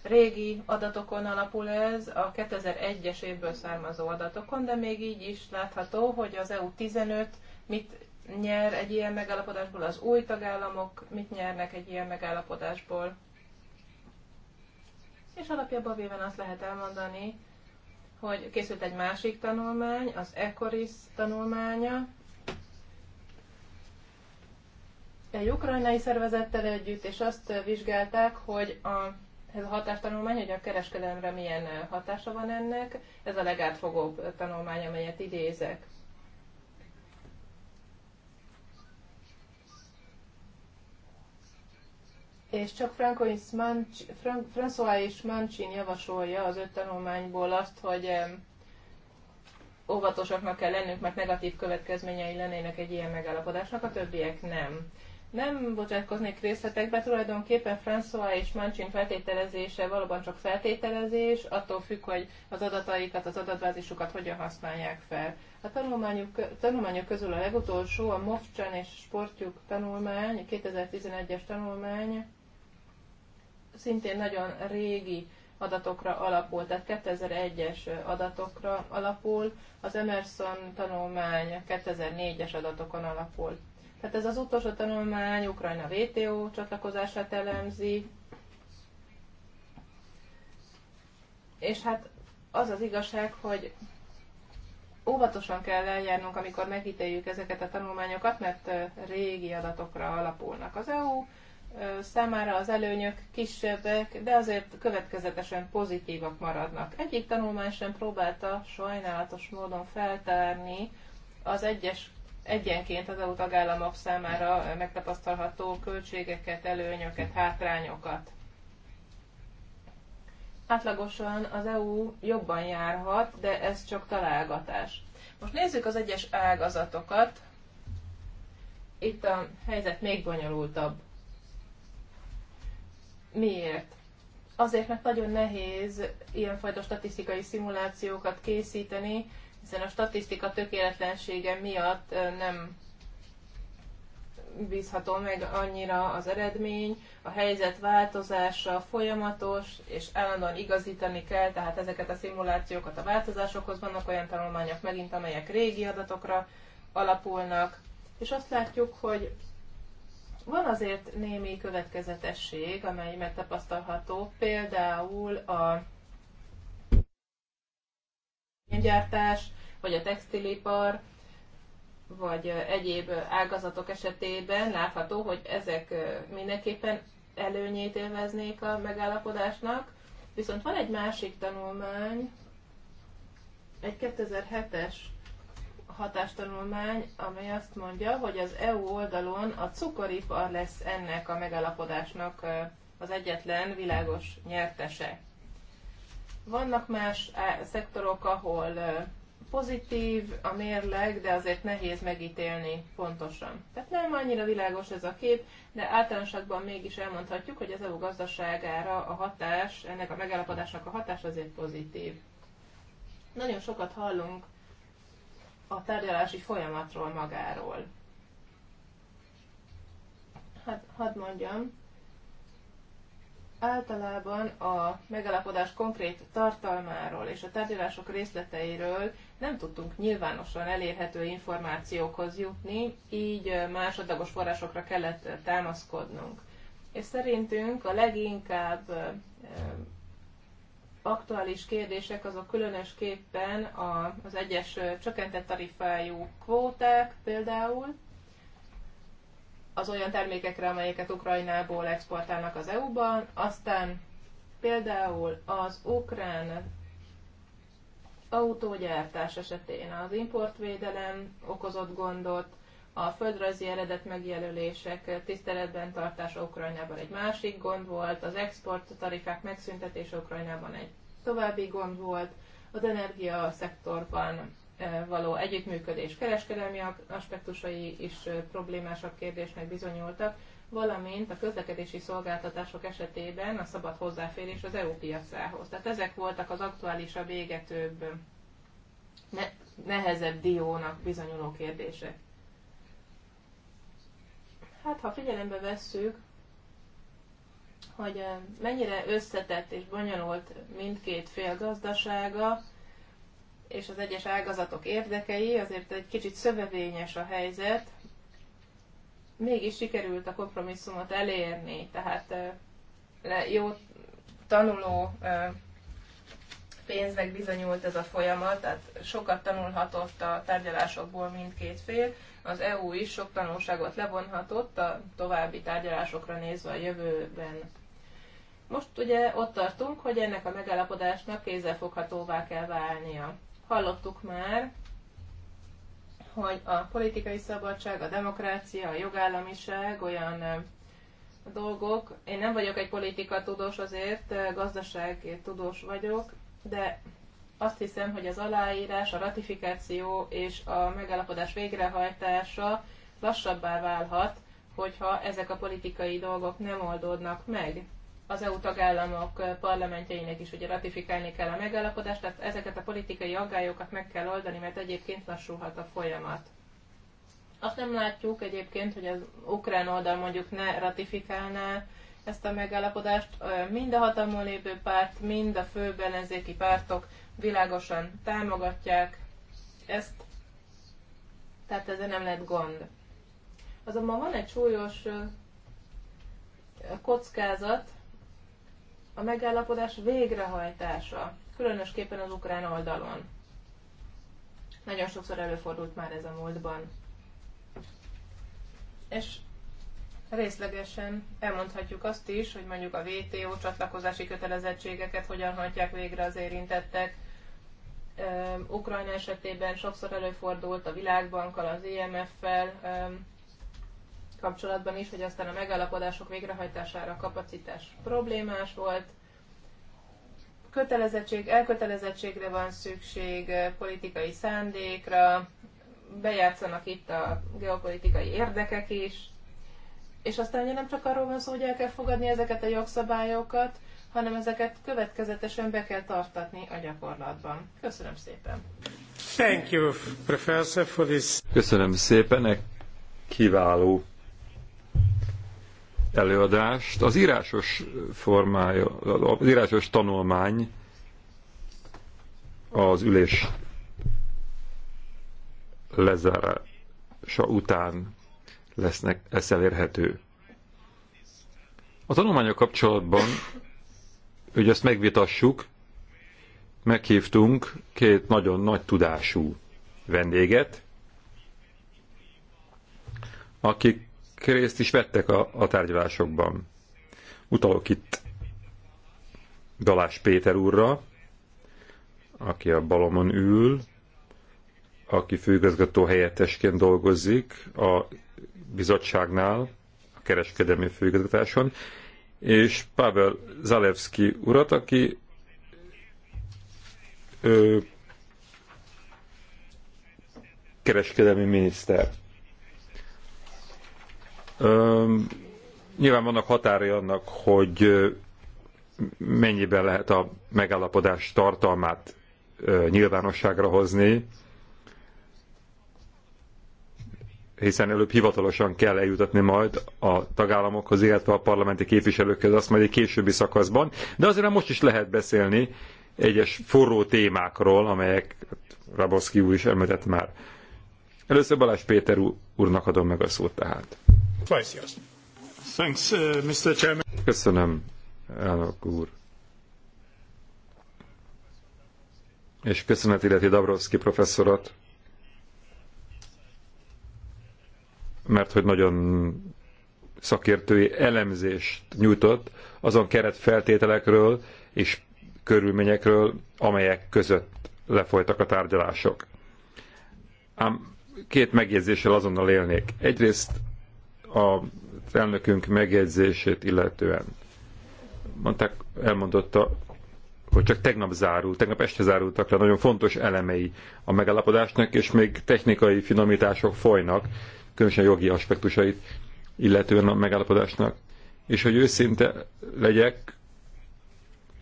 Speaker 2: Régi adatokon alapul ez, a 2001-es évből származó adatokon, de még így is látható, hogy az EU 15 mit nyer egy ilyen megállapodásból, az új tagállamok mit nyernek egy ilyen megállapodásból. És alapjában véve azt lehet elmondani, hogy készült egy másik tanulmány, az ECORIS tanulmánya, egy ukrajnai szervezettel együtt, és azt vizsgálták, hogy a, ez a hatástanulmány, hogy a kereskedelemre milyen hatása van ennek, ez a legátfogóbb tanulmány, amelyet idézek. és csak François és Manchin javasolja az öt tanulmányból azt, hogy óvatosaknak kell lennünk, mert negatív következményei lennének egy ilyen megállapodásnak, a többiek nem. Nem bocsátkoznék részletekbe, tulajdonképpen François és Manchin feltételezése valóban csak feltételezés, attól függ, hogy az adataikat, az adatbázisukat hogyan használják fel. A tanulmányok, tanulmányok közül a legutolsó, a Mofcsan és Sportjuk tanulmány, 2011-es tanulmány, szintén nagyon régi adatokra alapul, tehát 2001-es adatokra alapul, az Emerson tanulmány 2004-es adatokon alapul. Tehát ez az utolsó tanulmány Ukrajna WTO csatlakozását elemzi, és hát az az igazság, hogy óvatosan kell eljárnunk, amikor megítéljük ezeket a tanulmányokat, mert régi adatokra alapulnak. Az EU számára az előnyök kisebbek, de azért következetesen pozitívak maradnak. Egyik tanulmány sem próbálta sajnálatos módon feltárni az egyes egyenként az EU tagállamok számára megtapasztalható költségeket, előnyöket, hátrányokat. Átlagosan az EU jobban járhat, de ez csak találgatás. Most nézzük az egyes ágazatokat. Itt a helyzet még bonyolultabb. Miért? Azért, mert nagyon nehéz ilyenfajta statisztikai szimulációkat készíteni, hiszen a statisztika tökéletlensége miatt nem bízható meg annyira az eredmény, a helyzet változása folyamatos, és állandóan igazítani kell, tehát ezeket a szimulációkat a változásokhoz vannak olyan tanulmányok megint, amelyek régi adatokra alapulnak, és azt látjuk, hogy van azért némi következetesség, amely megtapasztalható, például a gyártás, vagy a textilipar, vagy egyéb ágazatok esetében látható, hogy ezek mindenképpen előnyét élveznék a megállapodásnak. Viszont van egy másik tanulmány, egy 2007-es hatástanulmány, amely azt mondja, hogy az EU oldalon a cukoripar lesz ennek a megalapodásnak az egyetlen világos nyertese. Vannak más szektorok, ahol pozitív a mérleg, de azért nehéz megítélni pontosan. Tehát nem annyira világos ez a kép, de általánosakban mégis elmondhatjuk, hogy az EU gazdaságára a hatás, ennek a megállapodásnak a hatás azért pozitív. Nagyon sokat hallunk a tárgyalási folyamatról magáról. Hát, hadd mondjam, általában a megalapodás konkrét tartalmáról és a tárgyalások részleteiről nem tudtunk nyilvánosan elérhető információkhoz jutni, így másodlagos forrásokra kellett támaszkodnunk. És szerintünk a leginkább aktuális kérdések azok különösképpen a, az egyes csökkentett tarifájú kvóták például, az olyan termékekre, amelyeket Ukrajnából exportálnak az EU-ban, aztán például az ukrán autógyártás esetén az importvédelem okozott gondot, a földrajzi eredet megjelölések tiszteletben tartása Ukrajnában egy másik gond volt, az export tarifák megszüntetése Ukrajnában egy további gond volt, az energia szektorban e, való együttműködés kereskedelmi aspektusai is e, problémásabb kérdésnek bizonyultak, valamint a közlekedési szolgáltatások esetében a szabad hozzáférés az EU piacához. Tehát ezek voltak az aktuálisabb, égetőbb, ne, nehezebb diónak bizonyuló kérdések hát ha figyelembe vesszük, hogy mennyire összetett és bonyolult mindkét fél gazdasága, és az egyes ágazatok érdekei, azért egy kicsit szövevényes a helyzet, mégis sikerült a kompromisszumot elérni, tehát jó tanuló pénznek bizonyult ez a folyamat, tehát sokat tanulhatott a tárgyalásokból mindkét fél, az EU is sok tanulságot levonhatott a további tárgyalásokra nézve a jövőben. Most ugye ott tartunk, hogy ennek a megállapodásnak kézzelfoghatóvá kell válnia. Hallottuk már, hogy a politikai szabadság, a demokrácia, a jogállamiság olyan dolgok. Én nem vagyok egy politikatudós azért, gazdaságtudós vagyok, de azt hiszem, hogy az aláírás, a ratifikáció és a megállapodás végrehajtása lassabbá válhat, hogyha ezek a politikai dolgok nem oldódnak meg. Az EU tagállamok parlamentjeinek is ugye ratifikálni kell a megállapodást, tehát ezeket a politikai aggályokat meg kell oldani, mert egyébként lassulhat a folyamat. Azt nem látjuk egyébként, hogy az ukrán oldal mondjuk ne ratifikálná ezt a megállapodást. Mind a hatalmon lévő párt, mind a fő ellenzéki pártok világosan támogatják ezt, tehát ezzel nem lett gond. Azonban van egy súlyos kockázat, a megállapodás végrehajtása, különösképpen az ukrán oldalon. Nagyon sokszor előfordult már ez a múltban. És részlegesen elmondhatjuk azt is, hogy mondjuk a WTO csatlakozási kötelezettségeket hogyan hajtják végre az érintettek, Ukrajna esetében sokszor előfordult a Világbankkal, az IMF-fel e kapcsolatban is, hogy aztán a megállapodások végrehajtására kapacitás problémás volt. Kötelezettség, elkötelezettségre van szükség, politikai szándékra, bejátszanak itt a geopolitikai érdekek is, és aztán ugye nem csak arról van szó, hogy el kell fogadni ezeket a jogszabályokat, hanem ezeket következetesen be kell tartatni a gyakorlatban. Köszönöm szépen!
Speaker 1: Thank you, professor, for this. Köszönöm szépen egy kiváló előadást. Az írásos formája, az írásos tanulmány az ülés lezárása után lesznek, lesz elérhető. A tanulmányok kapcsolatban hogy ezt megvitassuk, meghívtunk két nagyon nagy tudású vendéget, akik részt is vettek a, a tárgyalásokban. Utalok itt Dalás Péter úrra, aki a balomon ül, aki főigazgató helyettesként dolgozik a bizottságnál, a kereskedelmi főigazgatáson, és Pavel Zalewski urat, aki ö, kereskedelmi miniszter. Ö, nyilván vannak határai annak, hogy mennyiben lehet a megállapodás tartalmát ö, nyilvánosságra hozni, hiszen előbb hivatalosan kell eljutatni majd a tagállamokhoz, illetve a parlamenti képviselőkhez, azt majd egy későbbi szakaszban. De azért most is lehet beszélni egyes forró témákról, amelyek hát Raboszki úr is említett már. Először Balázs Péter úrnak adom meg a szót tehát. Thanks, uh, Mr. Chairman. Köszönöm, elnök úr. És köszönet illeti Dabrowski professzorat mert hogy nagyon szakértői elemzést nyújtott azon keretfeltételekről és körülményekről, amelyek között lefolytak a tárgyalások. Ám két megjegyzéssel azonnal élnék. Egyrészt a elnökünk megjegyzését illetően. Mondták, elmondotta, hogy csak tegnap zárult, tegnap este zárultak le nagyon fontos elemei a megállapodásnak, és még technikai finomítások folynak, különösen jogi aspektusait illetően a megállapodásnak. És hogy őszinte legyek,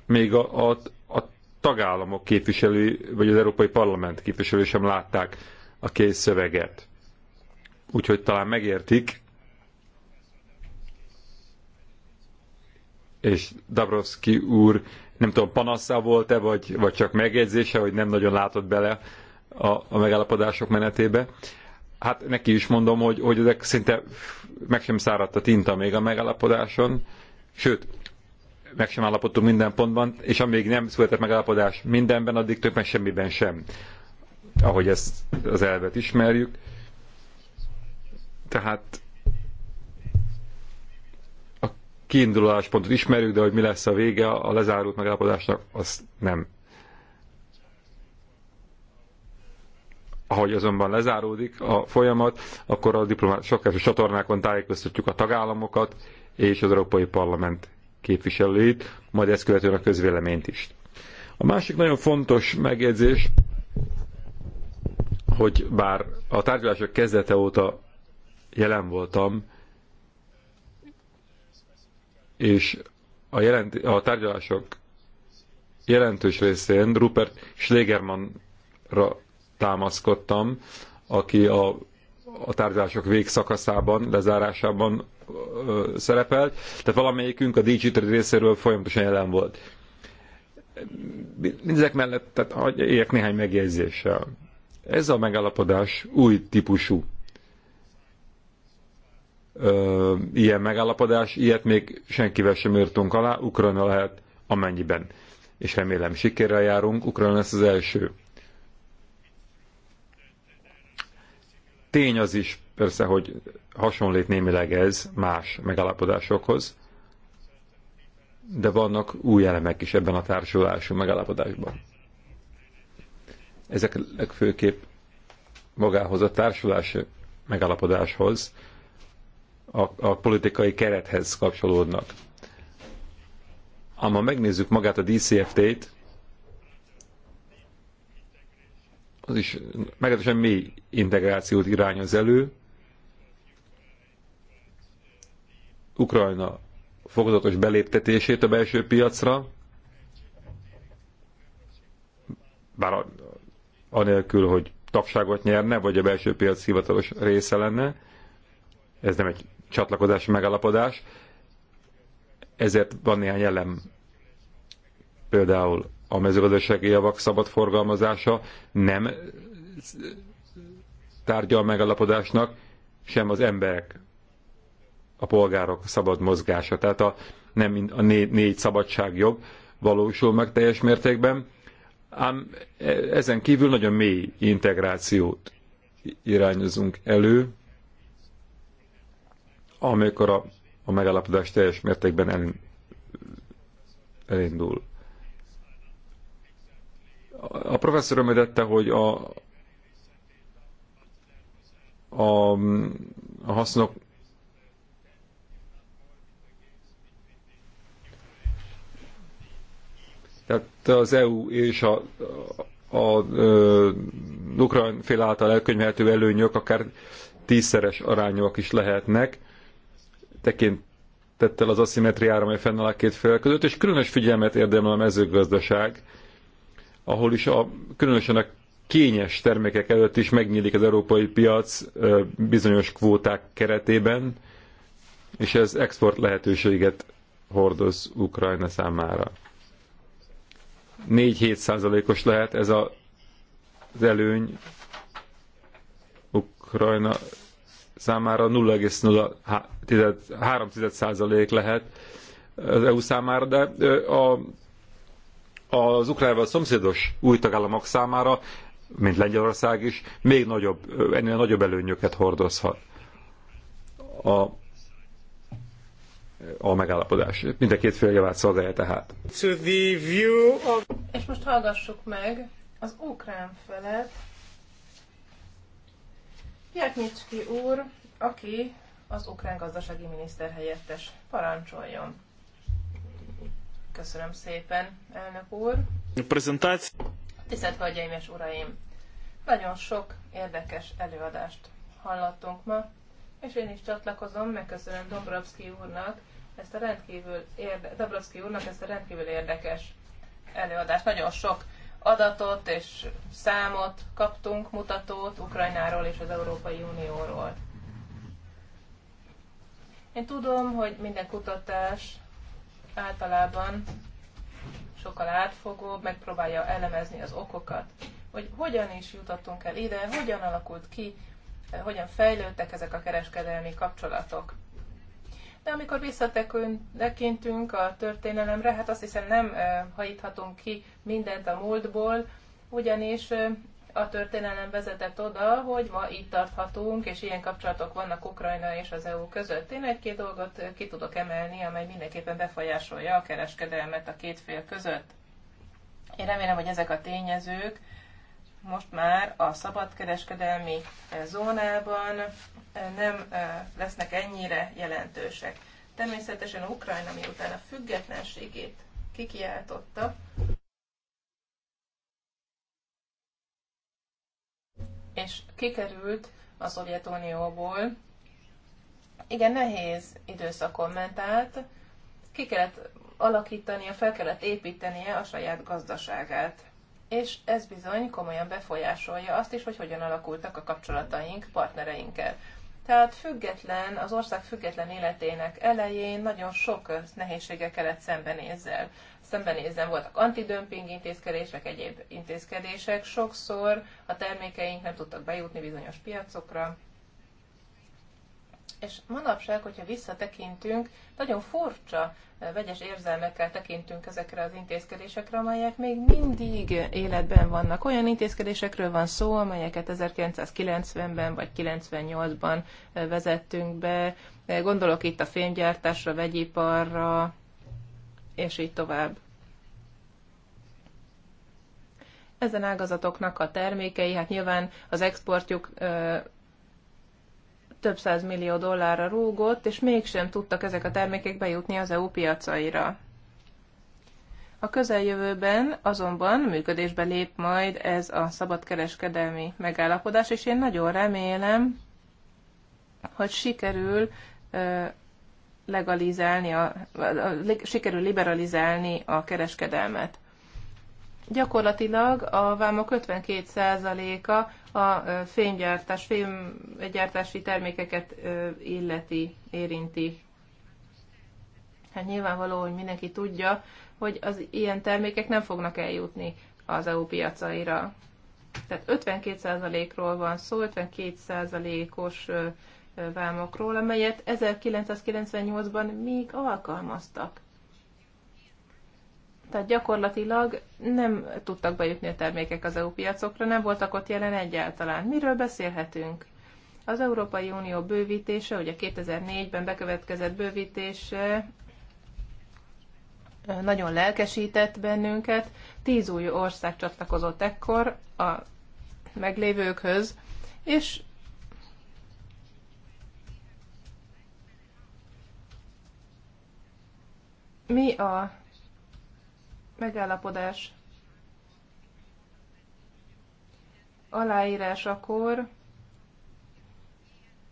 Speaker 1: még a, a, a tagállamok képviselői, vagy az Európai Parlament képviselői sem látták a kész szöveget. Úgyhogy talán megértik, és Dabrowski úr, nem tudom, panaszá volt-e, vagy, vagy csak megjegyzése, hogy nem nagyon látott bele a, a megállapodások menetébe hát neki is mondom, hogy, hogy ezek szinte meg sem száradt a tinta még a megállapodáson, sőt, meg sem állapodtunk minden pontban, és amíg nem született megállapodás mindenben, addig többen semmiben sem, ahogy ezt az elvet ismerjük. Tehát a pontot ismerjük, de hogy mi lesz a vége a lezárult megállapodásnak, azt nem Ahogy azonban lezáródik a folyamat, akkor a diplomát sokásos csatornákon tájékoztatjuk a tagállamokat és az Európai Parlament képviselőit, majd ezt követően a közvéleményt is. A másik nagyon fontos megjegyzés, hogy bár a tárgyalások kezdete óta jelen voltam, és a, jelent, a tárgyalások jelentős részén Rupert Schlegermannra támaszkodtam, aki a, a tárgyalások végszakaszában, lezárásában ö, szerepelt, tehát valamelyikünk a DG részéről folyamatosan jelen volt. Mindezek mellett tehát éljek néhány megjegyzéssel. Ez a megállapodás új típusú ö, ilyen megállapodás, ilyet még senkivel sem írtunk alá, Ukrajna lehet amennyiben. És remélem sikerrel járunk, Ukrajna lesz az első Tény az is persze, hogy hasonlít némileg ez más megállapodásokhoz, de vannak új elemek is ebben a társulású megállapodásban. Ezek legfőképp magához a társulási megállapodáshoz, a, a politikai kerethez kapcsolódnak. Ám ha megnézzük magát a DCFT-t, az is meglehetősen mély integrációt irányoz elő. Ukrajna fokozatos beléptetését a belső piacra, bár anélkül, hogy tagságot nyerne, vagy a belső piac hivatalos része lenne, ez nem egy csatlakozási megállapodás, ezért van néhány elem, például a mezőgazdasági javak szabad forgalmazása nem tárgya a megalapodásnak, sem az emberek, a polgárok szabad mozgása. Tehát a, nem a négy, négy szabadságjog valósul meg teljes mértékben, ám e- ezen kívül nagyon mély integrációt irányozunk elő, amikor a, a megalapodás teljes mértékben el, elindul. A professzor említette, hogy a, a, a hasznok Tehát az EU és a, a, a, a Ukrajn fél által elkönyvelhető előnyök akár tízszeres arányúak is lehetnek, tekintettel az aszimetriára, amely fennáll a két fél között, és különös figyelmet érdemel a mezőgazdaság, ahol is a, különösen a kényes termékek előtt is megnyílik az európai piac bizonyos kvóták keretében, és ez export lehetőséget hordoz Ukrajna számára. 4-7 százalékos lehet ez a, az előny Ukrajna számára 0,03 százalék lehet az EU számára, de a az Ukrajnával szomszédos új tagállamok számára, mint Lengyelország is, még nagyobb, ennél nagyobb előnyöket hordozhat a, a megállapodás. Mind a két fél javát szolgálja tehát.
Speaker 2: To the view of... És most hallgassuk meg az ukrán felet, Piatnyicski úr, aki az ukrán gazdasági miniszter helyettes. Parancsoljon! Köszönöm szépen, elnök úr.
Speaker 1: Prezentáció.
Speaker 2: Tisztelt Hölgyeim és Uraim! Nagyon sok érdekes előadást hallottunk ma, és én is csatlakozom, megköszönöm Dombrovski úrnak ezt a rendkívül, érde, úrnak ezt a rendkívül érdekes előadást. Nagyon sok adatot és számot kaptunk, mutatót Ukrajnáról és az Európai Unióról. Én tudom, hogy minden kutatás általában sokkal átfogóbb, megpróbálja elemezni az okokat, hogy hogyan is jutottunk el ide, hogyan alakult ki, eh, hogyan fejlődtek ezek a kereskedelmi kapcsolatok. De amikor visszatekintünk a történelemre, hát azt hiszem nem eh, hajíthatunk ki mindent a múltból, ugyanis eh, a történelem vezetett oda, hogy ma itt tarthatunk, és ilyen kapcsolatok vannak Ukrajna és az EU között. Én egy-két dolgot ki tudok emelni, amely mindenképpen befolyásolja a kereskedelmet a két fél között. Én remélem, hogy ezek a tényezők most már a szabadkereskedelmi eh, zónában eh, nem eh, lesznek ennyire jelentősek. Természetesen Ukrajna miután a függetlenségét kikiáltotta, és kikerült a Szovjetunióból. Igen, nehéz időszakon ment át, ki kellett alakítania, fel kellett építenie a saját gazdaságát. És ez bizony komolyan befolyásolja azt is, hogy hogyan alakultak a kapcsolataink partnereinkkel. Tehát független, az ország független életének elején nagyon sok nehézsége kellett szembenézzel szembenézzen, voltak antidömping intézkedések, egyéb intézkedések, sokszor a termékeink nem tudtak bejutni bizonyos piacokra, és manapság, hogyha visszatekintünk, nagyon furcsa eh, vegyes érzelmekkel tekintünk ezekre az intézkedésekre, amelyek még mindig életben vannak. Olyan intézkedésekről van szó, amelyeket 1990-ben vagy 98-ban eh, vezettünk be. Eh, gondolok itt a fémgyártásra, vegyiparra, és így tovább. Ezen ágazatoknak a termékei, hát nyilván az exportjuk ö, több száz millió dollárra rúgott, és mégsem tudtak ezek a termékek bejutni az EU piacaira. A közeljövőben azonban működésbe lép majd ez a szabadkereskedelmi megállapodás, és én nagyon remélem, hogy sikerül legalizálni, a, a, a, sikerül liberalizálni a kereskedelmet. Gyakorlatilag a vámok 52%-a a fémgyártás, fémgyártási termékeket illeti, érinti. Hát nyilvánvaló, hogy mindenki tudja, hogy az ilyen termékek nem fognak eljutni az EU piacaira. Tehát 52%-ról van szó, 52%-os vámokról, amelyet 1998-ban még alkalmaztak. Tehát gyakorlatilag nem tudtak bejutni a termékek az EU piacokra, nem voltak ott jelen egyáltalán. Miről beszélhetünk? Az Európai Unió bővítése, ugye 2004-ben bekövetkezett bővítése nagyon lelkesített bennünket. Tíz új ország csatlakozott ekkor a meglévőkhöz, és Mi a megállapodás aláírásakor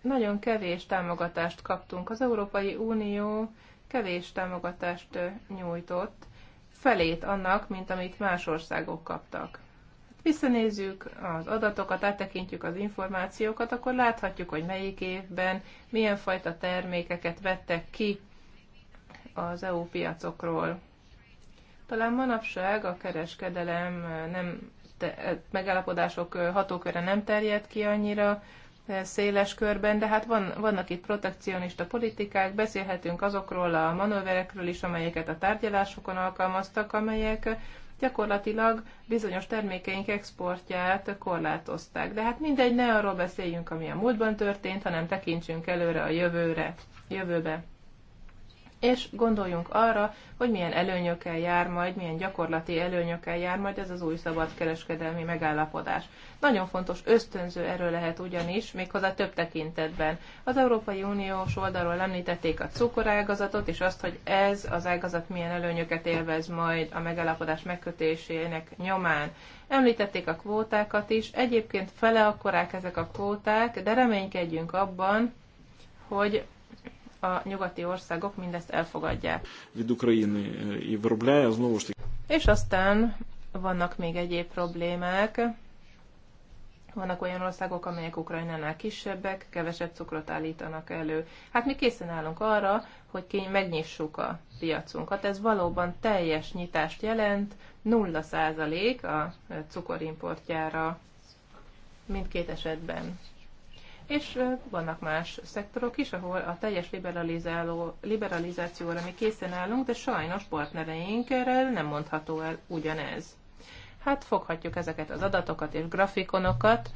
Speaker 2: nagyon kevés támogatást kaptunk. Az Európai Unió kevés támogatást nyújtott, felét annak, mint amit más országok kaptak. Visszanézzük az adatokat, áttekintjük az információkat, akkor láthatjuk, hogy melyik évben milyen fajta termékeket vettek ki az EU piacokról. Talán manapság a kereskedelem nem te, megállapodások hatóköre nem terjed ki annyira széles körben, de hát van, vannak itt protekcionista politikák, beszélhetünk azokról a manőverekről is, amelyeket a tárgyalásokon alkalmaztak, amelyek gyakorlatilag bizonyos termékeink exportját korlátozták. De hát mindegy, ne arról beszéljünk, ami a múltban történt, hanem tekintsünk előre a jövőre, jövőbe és gondoljunk arra, hogy milyen előnyökkel jár majd, milyen gyakorlati előnyökkel jár majd ez az új szabadkereskedelmi megállapodás. Nagyon fontos ösztönző erő lehet ugyanis, méghozzá több tekintetben. Az Európai Uniós oldalról említették a cukorágazatot, és azt, hogy ez az ágazat milyen előnyöket élvez majd a megállapodás megkötésének nyomán. Említették a kvótákat is, egyébként fele akkorák ezek a kvóták, de reménykedjünk abban, hogy a nyugati országok mindezt elfogadják. És aztán vannak még egyéb problémák. Vannak olyan országok, amelyek Ukrajnánál kisebbek, kevesebb cukrot állítanak elő. Hát mi készen állunk arra, hogy ki megnyissuk a piacunkat. Ez valóban teljes nyitást jelent, 0% a cukorimportjára mindkét esetben. És vannak más szektorok is, ahol a teljes liberalizáló, liberalizációra mi készen állunk, de sajnos partnereinkre nem mondható el ugyanez. Hát foghatjuk ezeket az adatokat és grafikonokat,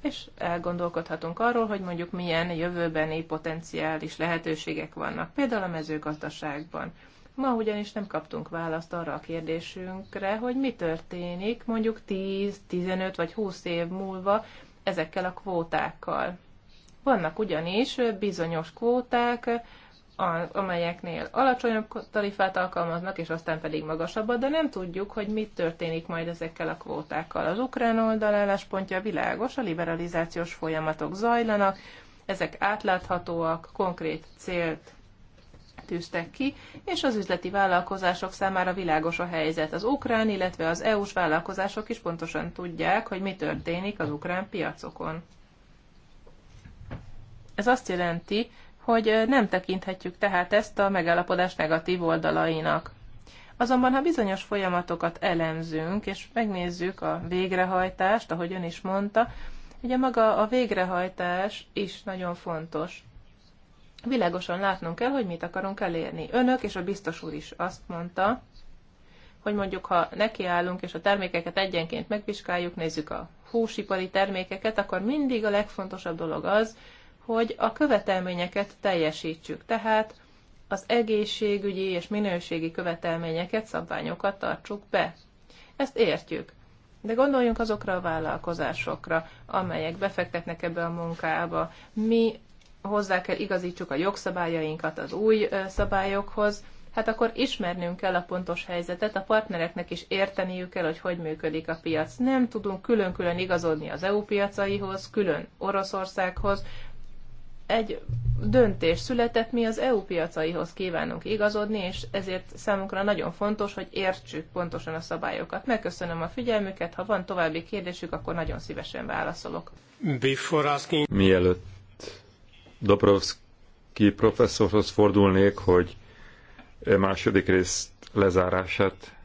Speaker 2: és elgondolkodhatunk arról, hogy mondjuk milyen jövőbeni potenciális lehetőségek vannak, például a mezőgazdaságban. Ma ugyanis nem kaptunk választ arra a kérdésünkre, hogy mi történik mondjuk 10, 15 vagy 20 év múlva ezekkel a kvótákkal. Vannak ugyanis bizonyos kvóták, amelyeknél alacsonyabb tarifát alkalmaznak, és aztán pedig magasabbat, de nem tudjuk, hogy mit történik majd ezekkel a kvótákkal. Az ukrán oldal álláspontja világos, a liberalizációs folyamatok zajlanak, ezek átláthatóak, konkrét célt tűztek ki, és az üzleti vállalkozások számára világos a helyzet. Az ukrán, illetve az EU-s vállalkozások is pontosan tudják, hogy mi történik az ukrán piacokon. Ez azt jelenti, hogy nem tekinthetjük tehát ezt a megállapodás negatív oldalainak. Azonban, ha bizonyos folyamatokat elemzünk, és megnézzük a végrehajtást, ahogy ön is mondta, ugye maga a végrehajtás is nagyon fontos. Világosan látnunk kell, hogy mit akarunk elérni. Önök és a biztos úr is azt mondta, hogy mondjuk ha nekiállunk és a termékeket egyenként megvizsgáljuk, nézzük a húsipari termékeket, akkor mindig a legfontosabb dolog az, hogy a követelményeket teljesítsük. Tehát az egészségügyi és minőségi követelményeket, szabványokat tartsuk be. Ezt értjük. De gondoljunk azokra a vállalkozásokra, amelyek befektetnek ebbe a munkába. Mi hozzá kell igazítsuk a jogszabályainkat az új szabályokhoz, hát akkor ismernünk kell a pontos helyzetet, a partnereknek is érteniük kell, hogy hogy működik a piac. Nem tudunk külön-külön igazodni az EU piacaihoz, külön Oroszországhoz. Egy döntés született, mi az EU piacaihoz kívánunk igazodni, és ezért számunkra nagyon fontos, hogy értsük pontosan a szabályokat. Megköszönöm a figyelmüket, ha van további kérdésük, akkor nagyon szívesen válaszolok.
Speaker 1: Mielőtt Dobrovszki professzorhoz fordulnék, hogy második rész lezárását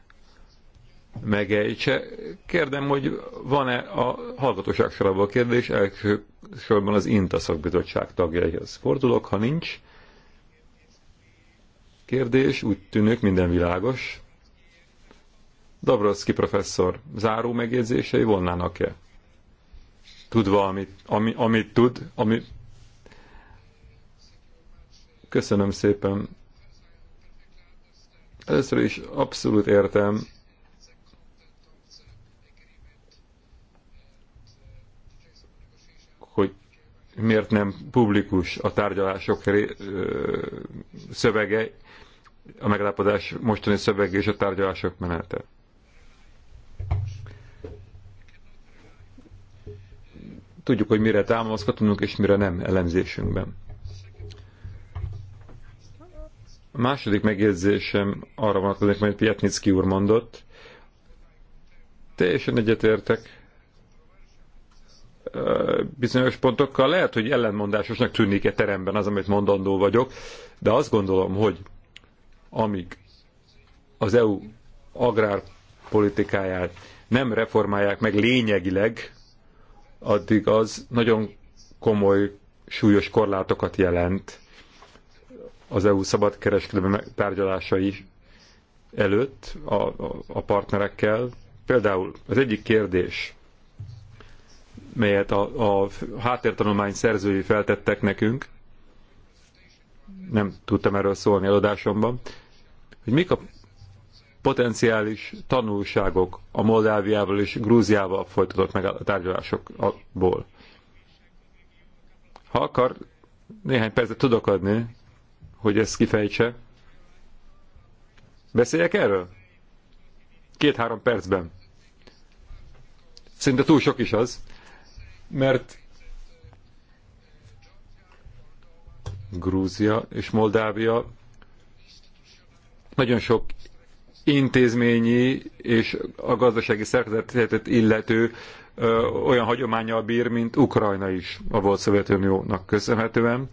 Speaker 1: megejtse. Kérdem, hogy van-e a hallgatóság sorából kérdés, elsősorban az INTA szakbizottság tagjaihoz fordulok, ha nincs kérdés, úgy tűnik minden világos. Dabrowski professzor, záró megjegyzései volnának-e? Tudva, amit, ami, amit tud, ami Köszönöm szépen. Először is abszolút értem, hogy miért nem publikus a tárgyalások szövege, a megállapodás mostani szövege és a tárgyalások menete. Tudjuk, hogy mire támaszkodunk és mire nem elemzésünkben. A második megjegyzésem arra vonatkozik, mert Pietnicki úr mondott. Teljesen egyetértek bizonyos pontokkal. Lehet, hogy ellenmondásosnak tűnik-e teremben az, amit mondandó vagyok, de azt gondolom, hogy amíg az EU agrárpolitikáját nem reformálják meg lényegileg, addig az nagyon komoly, súlyos korlátokat jelent az EU szabadkereskedelmi tárgyalásai előtt a, a, a partnerekkel. Például az egyik kérdés, melyet a, a háttértanulmány szerzői feltettek nekünk, nem tudtam erről szólni előadásomban, hogy mik a potenciális tanulságok a Moldáviával és Grúziával folytatott meg a tárgyalásokból. Ha akar, néhány percet tudok adni hogy ezt kifejtse. Beszéljek erről? Két-három percben. Szinte túl sok is az, mert Grúzia és Moldávia nagyon sok intézményi és a gazdasági szerkezetet illető ö, olyan hagyományal bír, mint Ukrajna is a volt Szovjetuniónak köszönhetően.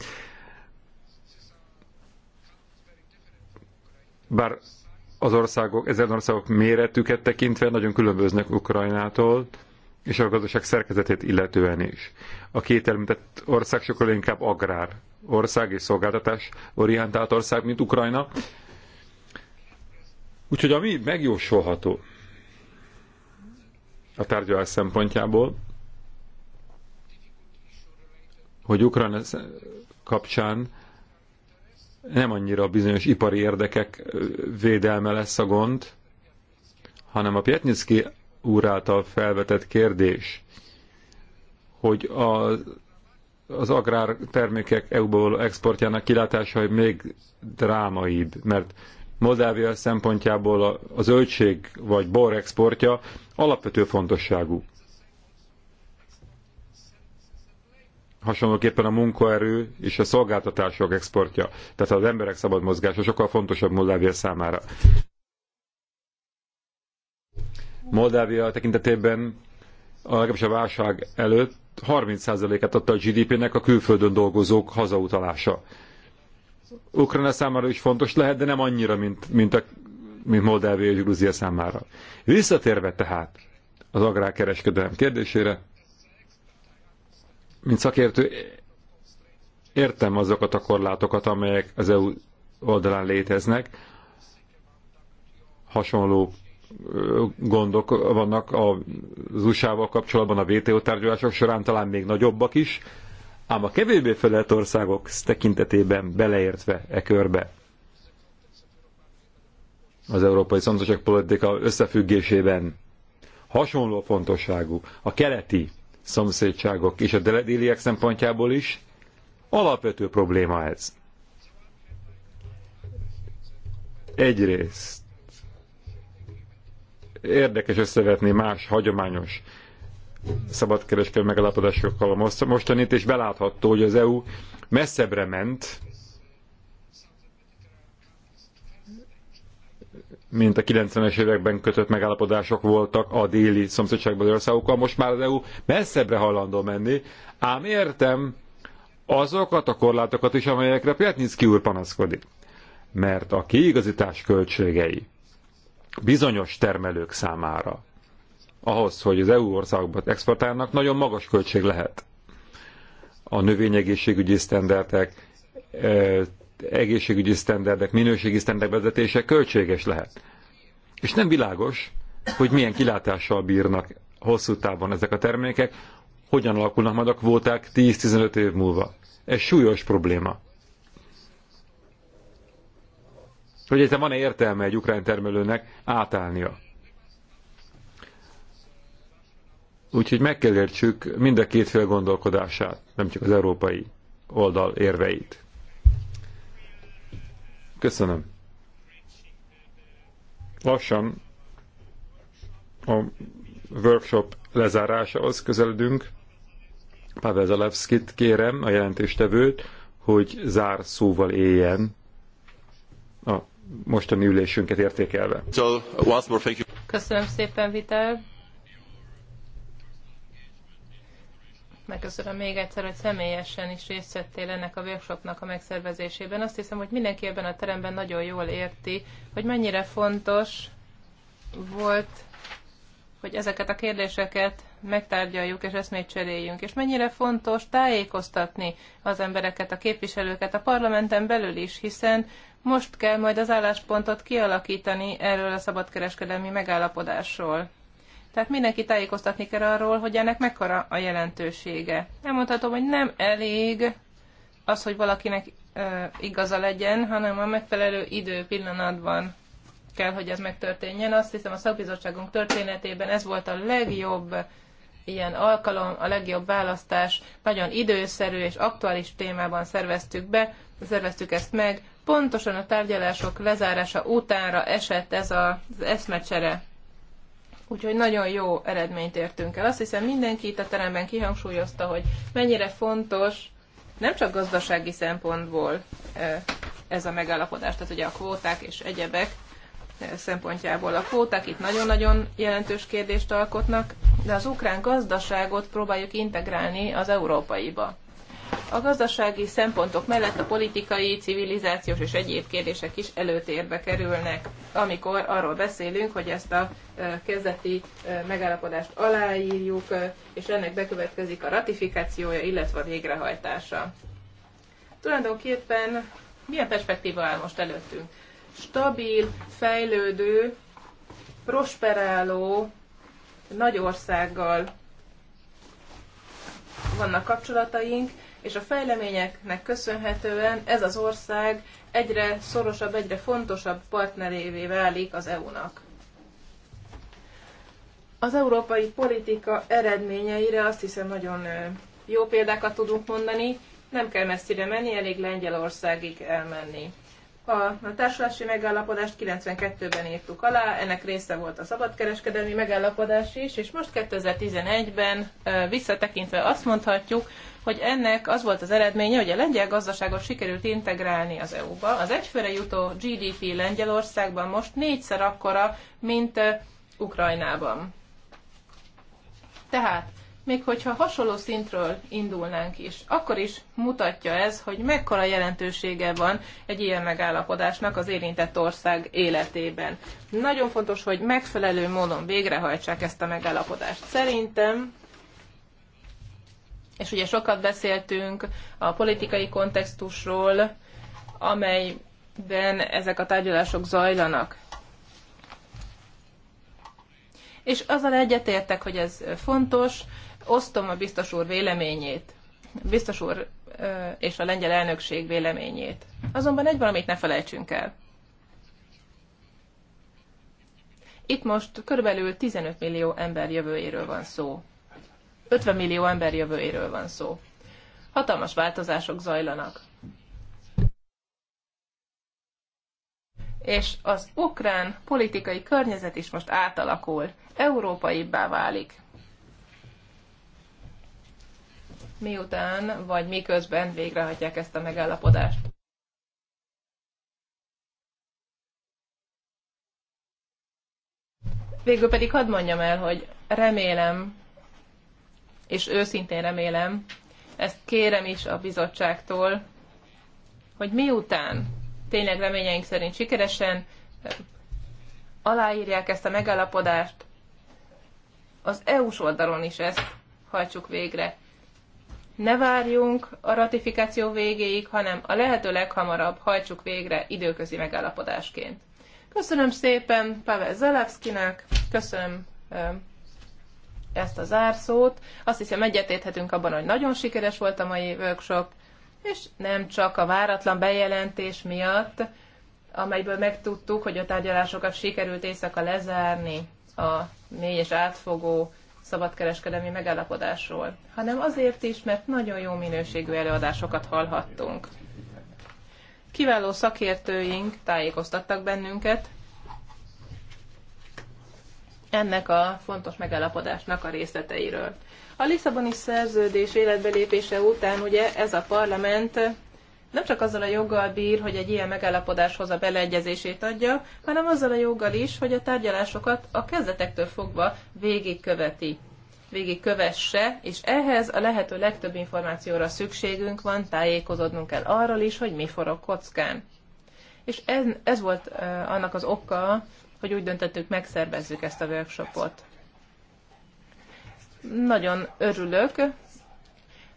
Speaker 1: bár az országok, ezen országok méretüket tekintve nagyon különböznek Ukrajnától, és a gazdaság szerkezetét illetően is. A két említett ország sokkal inkább agrár ország és szolgáltatás orientált ország, mint Ukrajna. Úgyhogy ami megjósolható a tárgyalás szempontjából, hogy Ukrajna kapcsán nem annyira bizonyos ipari érdekek védelme lesz a gond, hanem a Pietnyicki úr által felvetett kérdés, hogy a, az agrártermékek EU-ba való exportjának kilátásai még drámaibb, mert Moldávia szempontjából a, a zöldség vagy bor exportja alapvető fontosságú. hasonlóképpen a munkaerő és a szolgáltatások exportja, tehát az emberek szabad mozgása sokkal fontosabb Moldávia számára. Moldávia tekintetében a legalábbis a válság előtt 30%-át adta a GDP-nek a külföldön dolgozók hazautalása. Ukrajna számára is fontos lehet, de nem annyira, mint, mint, a, mint Moldávia és Grúzia számára. Visszatérve tehát az agrárkereskedelem kérdésére, mint szakértő értem azokat a korlátokat, amelyek az EU oldalán léteznek. Hasonló gondok vannak az USA-val kapcsolatban a WTO tárgyalások során talán még nagyobbak is, ám a kevésbé felett országok tekintetében beleértve e körbe az európai szomszédság politika összefüggésében hasonló fontosságú a keleti szomszédságok és a deledéliek szempontjából is alapvető probléma ez. Egyrészt érdekes összevetni más hagyományos szabadkereskedő megállapodásokkal a mostanit, és belátható, hogy az EU messzebbre ment mint a 90-es években kötött megállapodások voltak a déli szomszédságban országokkal. Most már az EU messzebbre hajlandó menni, ám értem azokat a korlátokat is, amelyekre Piatnicki úr panaszkodik. Mert a kiigazítás költségei bizonyos termelők számára, ahhoz, hogy az EU országokba exportálnak, nagyon magas költség lehet. A növényegészségügyi sztenderdek, eh, egészségügyi sztenderdek, minőségi sztenderdek vezetése költséges lehet. És nem világos, hogy milyen kilátással bírnak hosszú távon ezek a termékek, hogyan alakulnak majd a kvóták 10-15 év múlva. Ez súlyos probléma. Hogy ez van-e értelme egy ukrán termelőnek átállnia. Úgyhogy meg kell értsük mind a két fél gondolkodását, nem csak az európai oldal érveit. Köszönöm. Lassan a workshop lezárásához közeledünk. Pavel Zalewskit kérem, a jelentéstevőt, hogy zár szóval éljen a mostani ülésünket értékelve.
Speaker 2: Köszönöm szépen, Vitel. megköszönöm még egyszer, hogy személyesen is részt vettél ennek a workshopnak a megszervezésében. Azt hiszem, hogy mindenki ebben a teremben nagyon jól érti, hogy mennyire fontos volt, hogy ezeket a kérdéseket megtárgyaljuk és eszmét cseréljünk, és mennyire fontos tájékoztatni az embereket, a képviselőket a parlamenten belül is, hiszen most kell majd az álláspontot kialakítani erről a szabadkereskedelmi megállapodásról. Tehát mindenki tájékoztatni kell arról, hogy ennek mekkora a jelentősége. Nem mondhatom, hogy nem elég az, hogy valakinek e, igaza legyen, hanem a megfelelő idő pillanatban kell, hogy ez megtörténjen. Azt hiszem a szakbizottságunk történetében ez volt a legjobb ilyen alkalom, a legjobb választás. Nagyon időszerű és aktuális témában szerveztük be, szerveztük ezt meg. Pontosan a tárgyalások lezárása utánra esett ez az eszmecsere Úgyhogy nagyon jó eredményt értünk el. Azt hiszem mindenki itt a teremben kihangsúlyozta, hogy mennyire fontos nem csak gazdasági szempontból ez a megállapodás, tehát ugye a kvóták és egyebek szempontjából a kvóták itt nagyon-nagyon jelentős kérdést alkotnak, de az ukrán gazdaságot próbáljuk integrálni az európaiba. A gazdasági szempontok mellett a politikai, civilizációs és egyéb kérdések is előtérbe kerülnek, amikor arról beszélünk, hogy ezt a kezdeti megállapodást aláírjuk, és ennek bekövetkezik a ratifikációja, illetve a végrehajtása. Tulajdonképpen milyen perspektíva áll most előttünk? Stabil, fejlődő, prosperáló nagy országgal vannak kapcsolataink, és a fejleményeknek köszönhetően ez az ország egyre szorosabb, egyre fontosabb partnerévé válik az EU-nak. Az európai politika eredményeire azt hiszem nagyon jó példákat tudunk mondani, nem kell messzire menni, elég Lengyelországig elmenni. A, a társulási megállapodást 92-ben írtuk alá, ennek része volt a szabadkereskedelmi megállapodás is, és most 2011-ben visszatekintve azt mondhatjuk, hogy ennek az volt az eredménye, hogy a lengyel gazdaságot sikerült integrálni az EU-ba. Az egyfőre jutó GDP Lengyelországban most négyszer akkora, mint Ukrajnában. Tehát, még hogyha hasonló szintről indulnánk is, akkor is mutatja ez, hogy mekkora jelentősége van egy ilyen megállapodásnak az érintett ország életében. Nagyon fontos, hogy megfelelő módon végrehajtsák ezt a megállapodást. Szerintem és ugye sokat beszéltünk a politikai kontextusról, amelyben ezek a tárgyalások zajlanak. És azzal egyetértek, hogy ez fontos, osztom a biztos úr véleményét, biztos úr és a lengyel elnökség véleményét. Azonban egy valamit ne felejtsünk el. Itt most körülbelül 15 millió ember jövőjéről van szó. 50 millió ember jövőjéről van szó. Hatalmas változások zajlanak. És az ukrán politikai környezet is most átalakul, európaibbá válik. Miután vagy miközben végrehajtják ezt a megállapodást. Végül pedig hadd mondjam el, hogy remélem, és őszintén remélem, ezt kérem is a bizottságtól, hogy miután tényleg reményeink szerint sikeresen aláírják ezt a megállapodást, az EU-s oldalon is ezt hajtsuk végre. Ne várjunk a ratifikáció végéig, hanem a lehető leghamarabb hajtsuk végre időközi megállapodásként. Köszönöm szépen Pavel Zalewskinek, köszönöm ezt a zárszót. Azt hiszem egyetérthetünk abban, hogy nagyon sikeres volt a mai workshop, és nem csak a váratlan bejelentés miatt, amelyből megtudtuk, hogy a tárgyalásokat sikerült éjszaka lezárni a mély és átfogó szabadkereskedelmi megállapodásról, hanem azért is, mert nagyon jó minőségű előadásokat hallhattunk. Kiváló szakértőink tájékoztattak bennünket, ennek a fontos megállapodásnak a részleteiről. A Lisszaboni szerződés életbelépése után ugye ez a parlament nem csak azzal a joggal bír, hogy egy ilyen megállapodáshoz a beleegyezését adja, hanem azzal a joggal is, hogy a tárgyalásokat a kezdetektől fogva végigköveti végigkövesse, és ehhez a lehető legtöbb információra szükségünk van, tájékozódnunk kell arról is, hogy mi forog kockán. És ez, ez volt eh, annak az oka, hogy úgy döntöttük, megszervezzük ezt a workshopot. Nagyon örülök,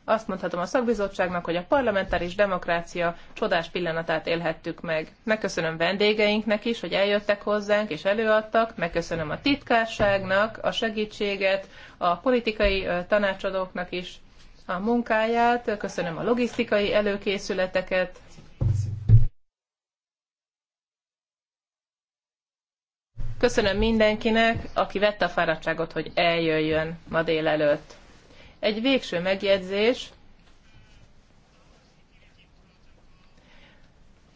Speaker 2: azt mondhatom a szakbizottságnak, hogy a parlamentáris demokrácia csodás pillanatát élhettük meg. Megköszönöm vendégeinknek is, hogy eljöttek hozzánk és előadtak, megköszönöm a titkárságnak a segítséget, a politikai tanácsadóknak is a munkáját, köszönöm a logisztikai előkészületeket, Köszönöm mindenkinek, aki vette a fáradtságot, hogy eljöjjön ma délelőtt. Egy végső megjegyzés.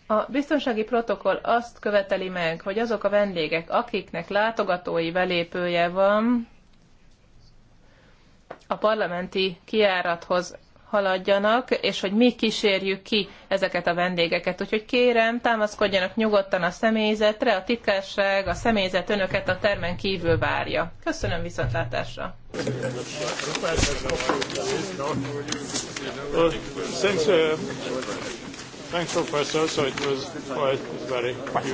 Speaker 2: A biztonsági protokoll azt követeli meg, hogy azok a vendégek, akiknek látogatói belépője van, a parlamenti kiárathoz haladjanak, és hogy mi kísérjük ki ezeket a vendégeket. Úgyhogy kérem, támaszkodjanak nyugodtan a személyzetre, a titkárság, a személyzet önöket a termen kívül várja. Köszönöm viszontlátásra! Thanks, uh,
Speaker 1: thanks, professor. So it was quite very.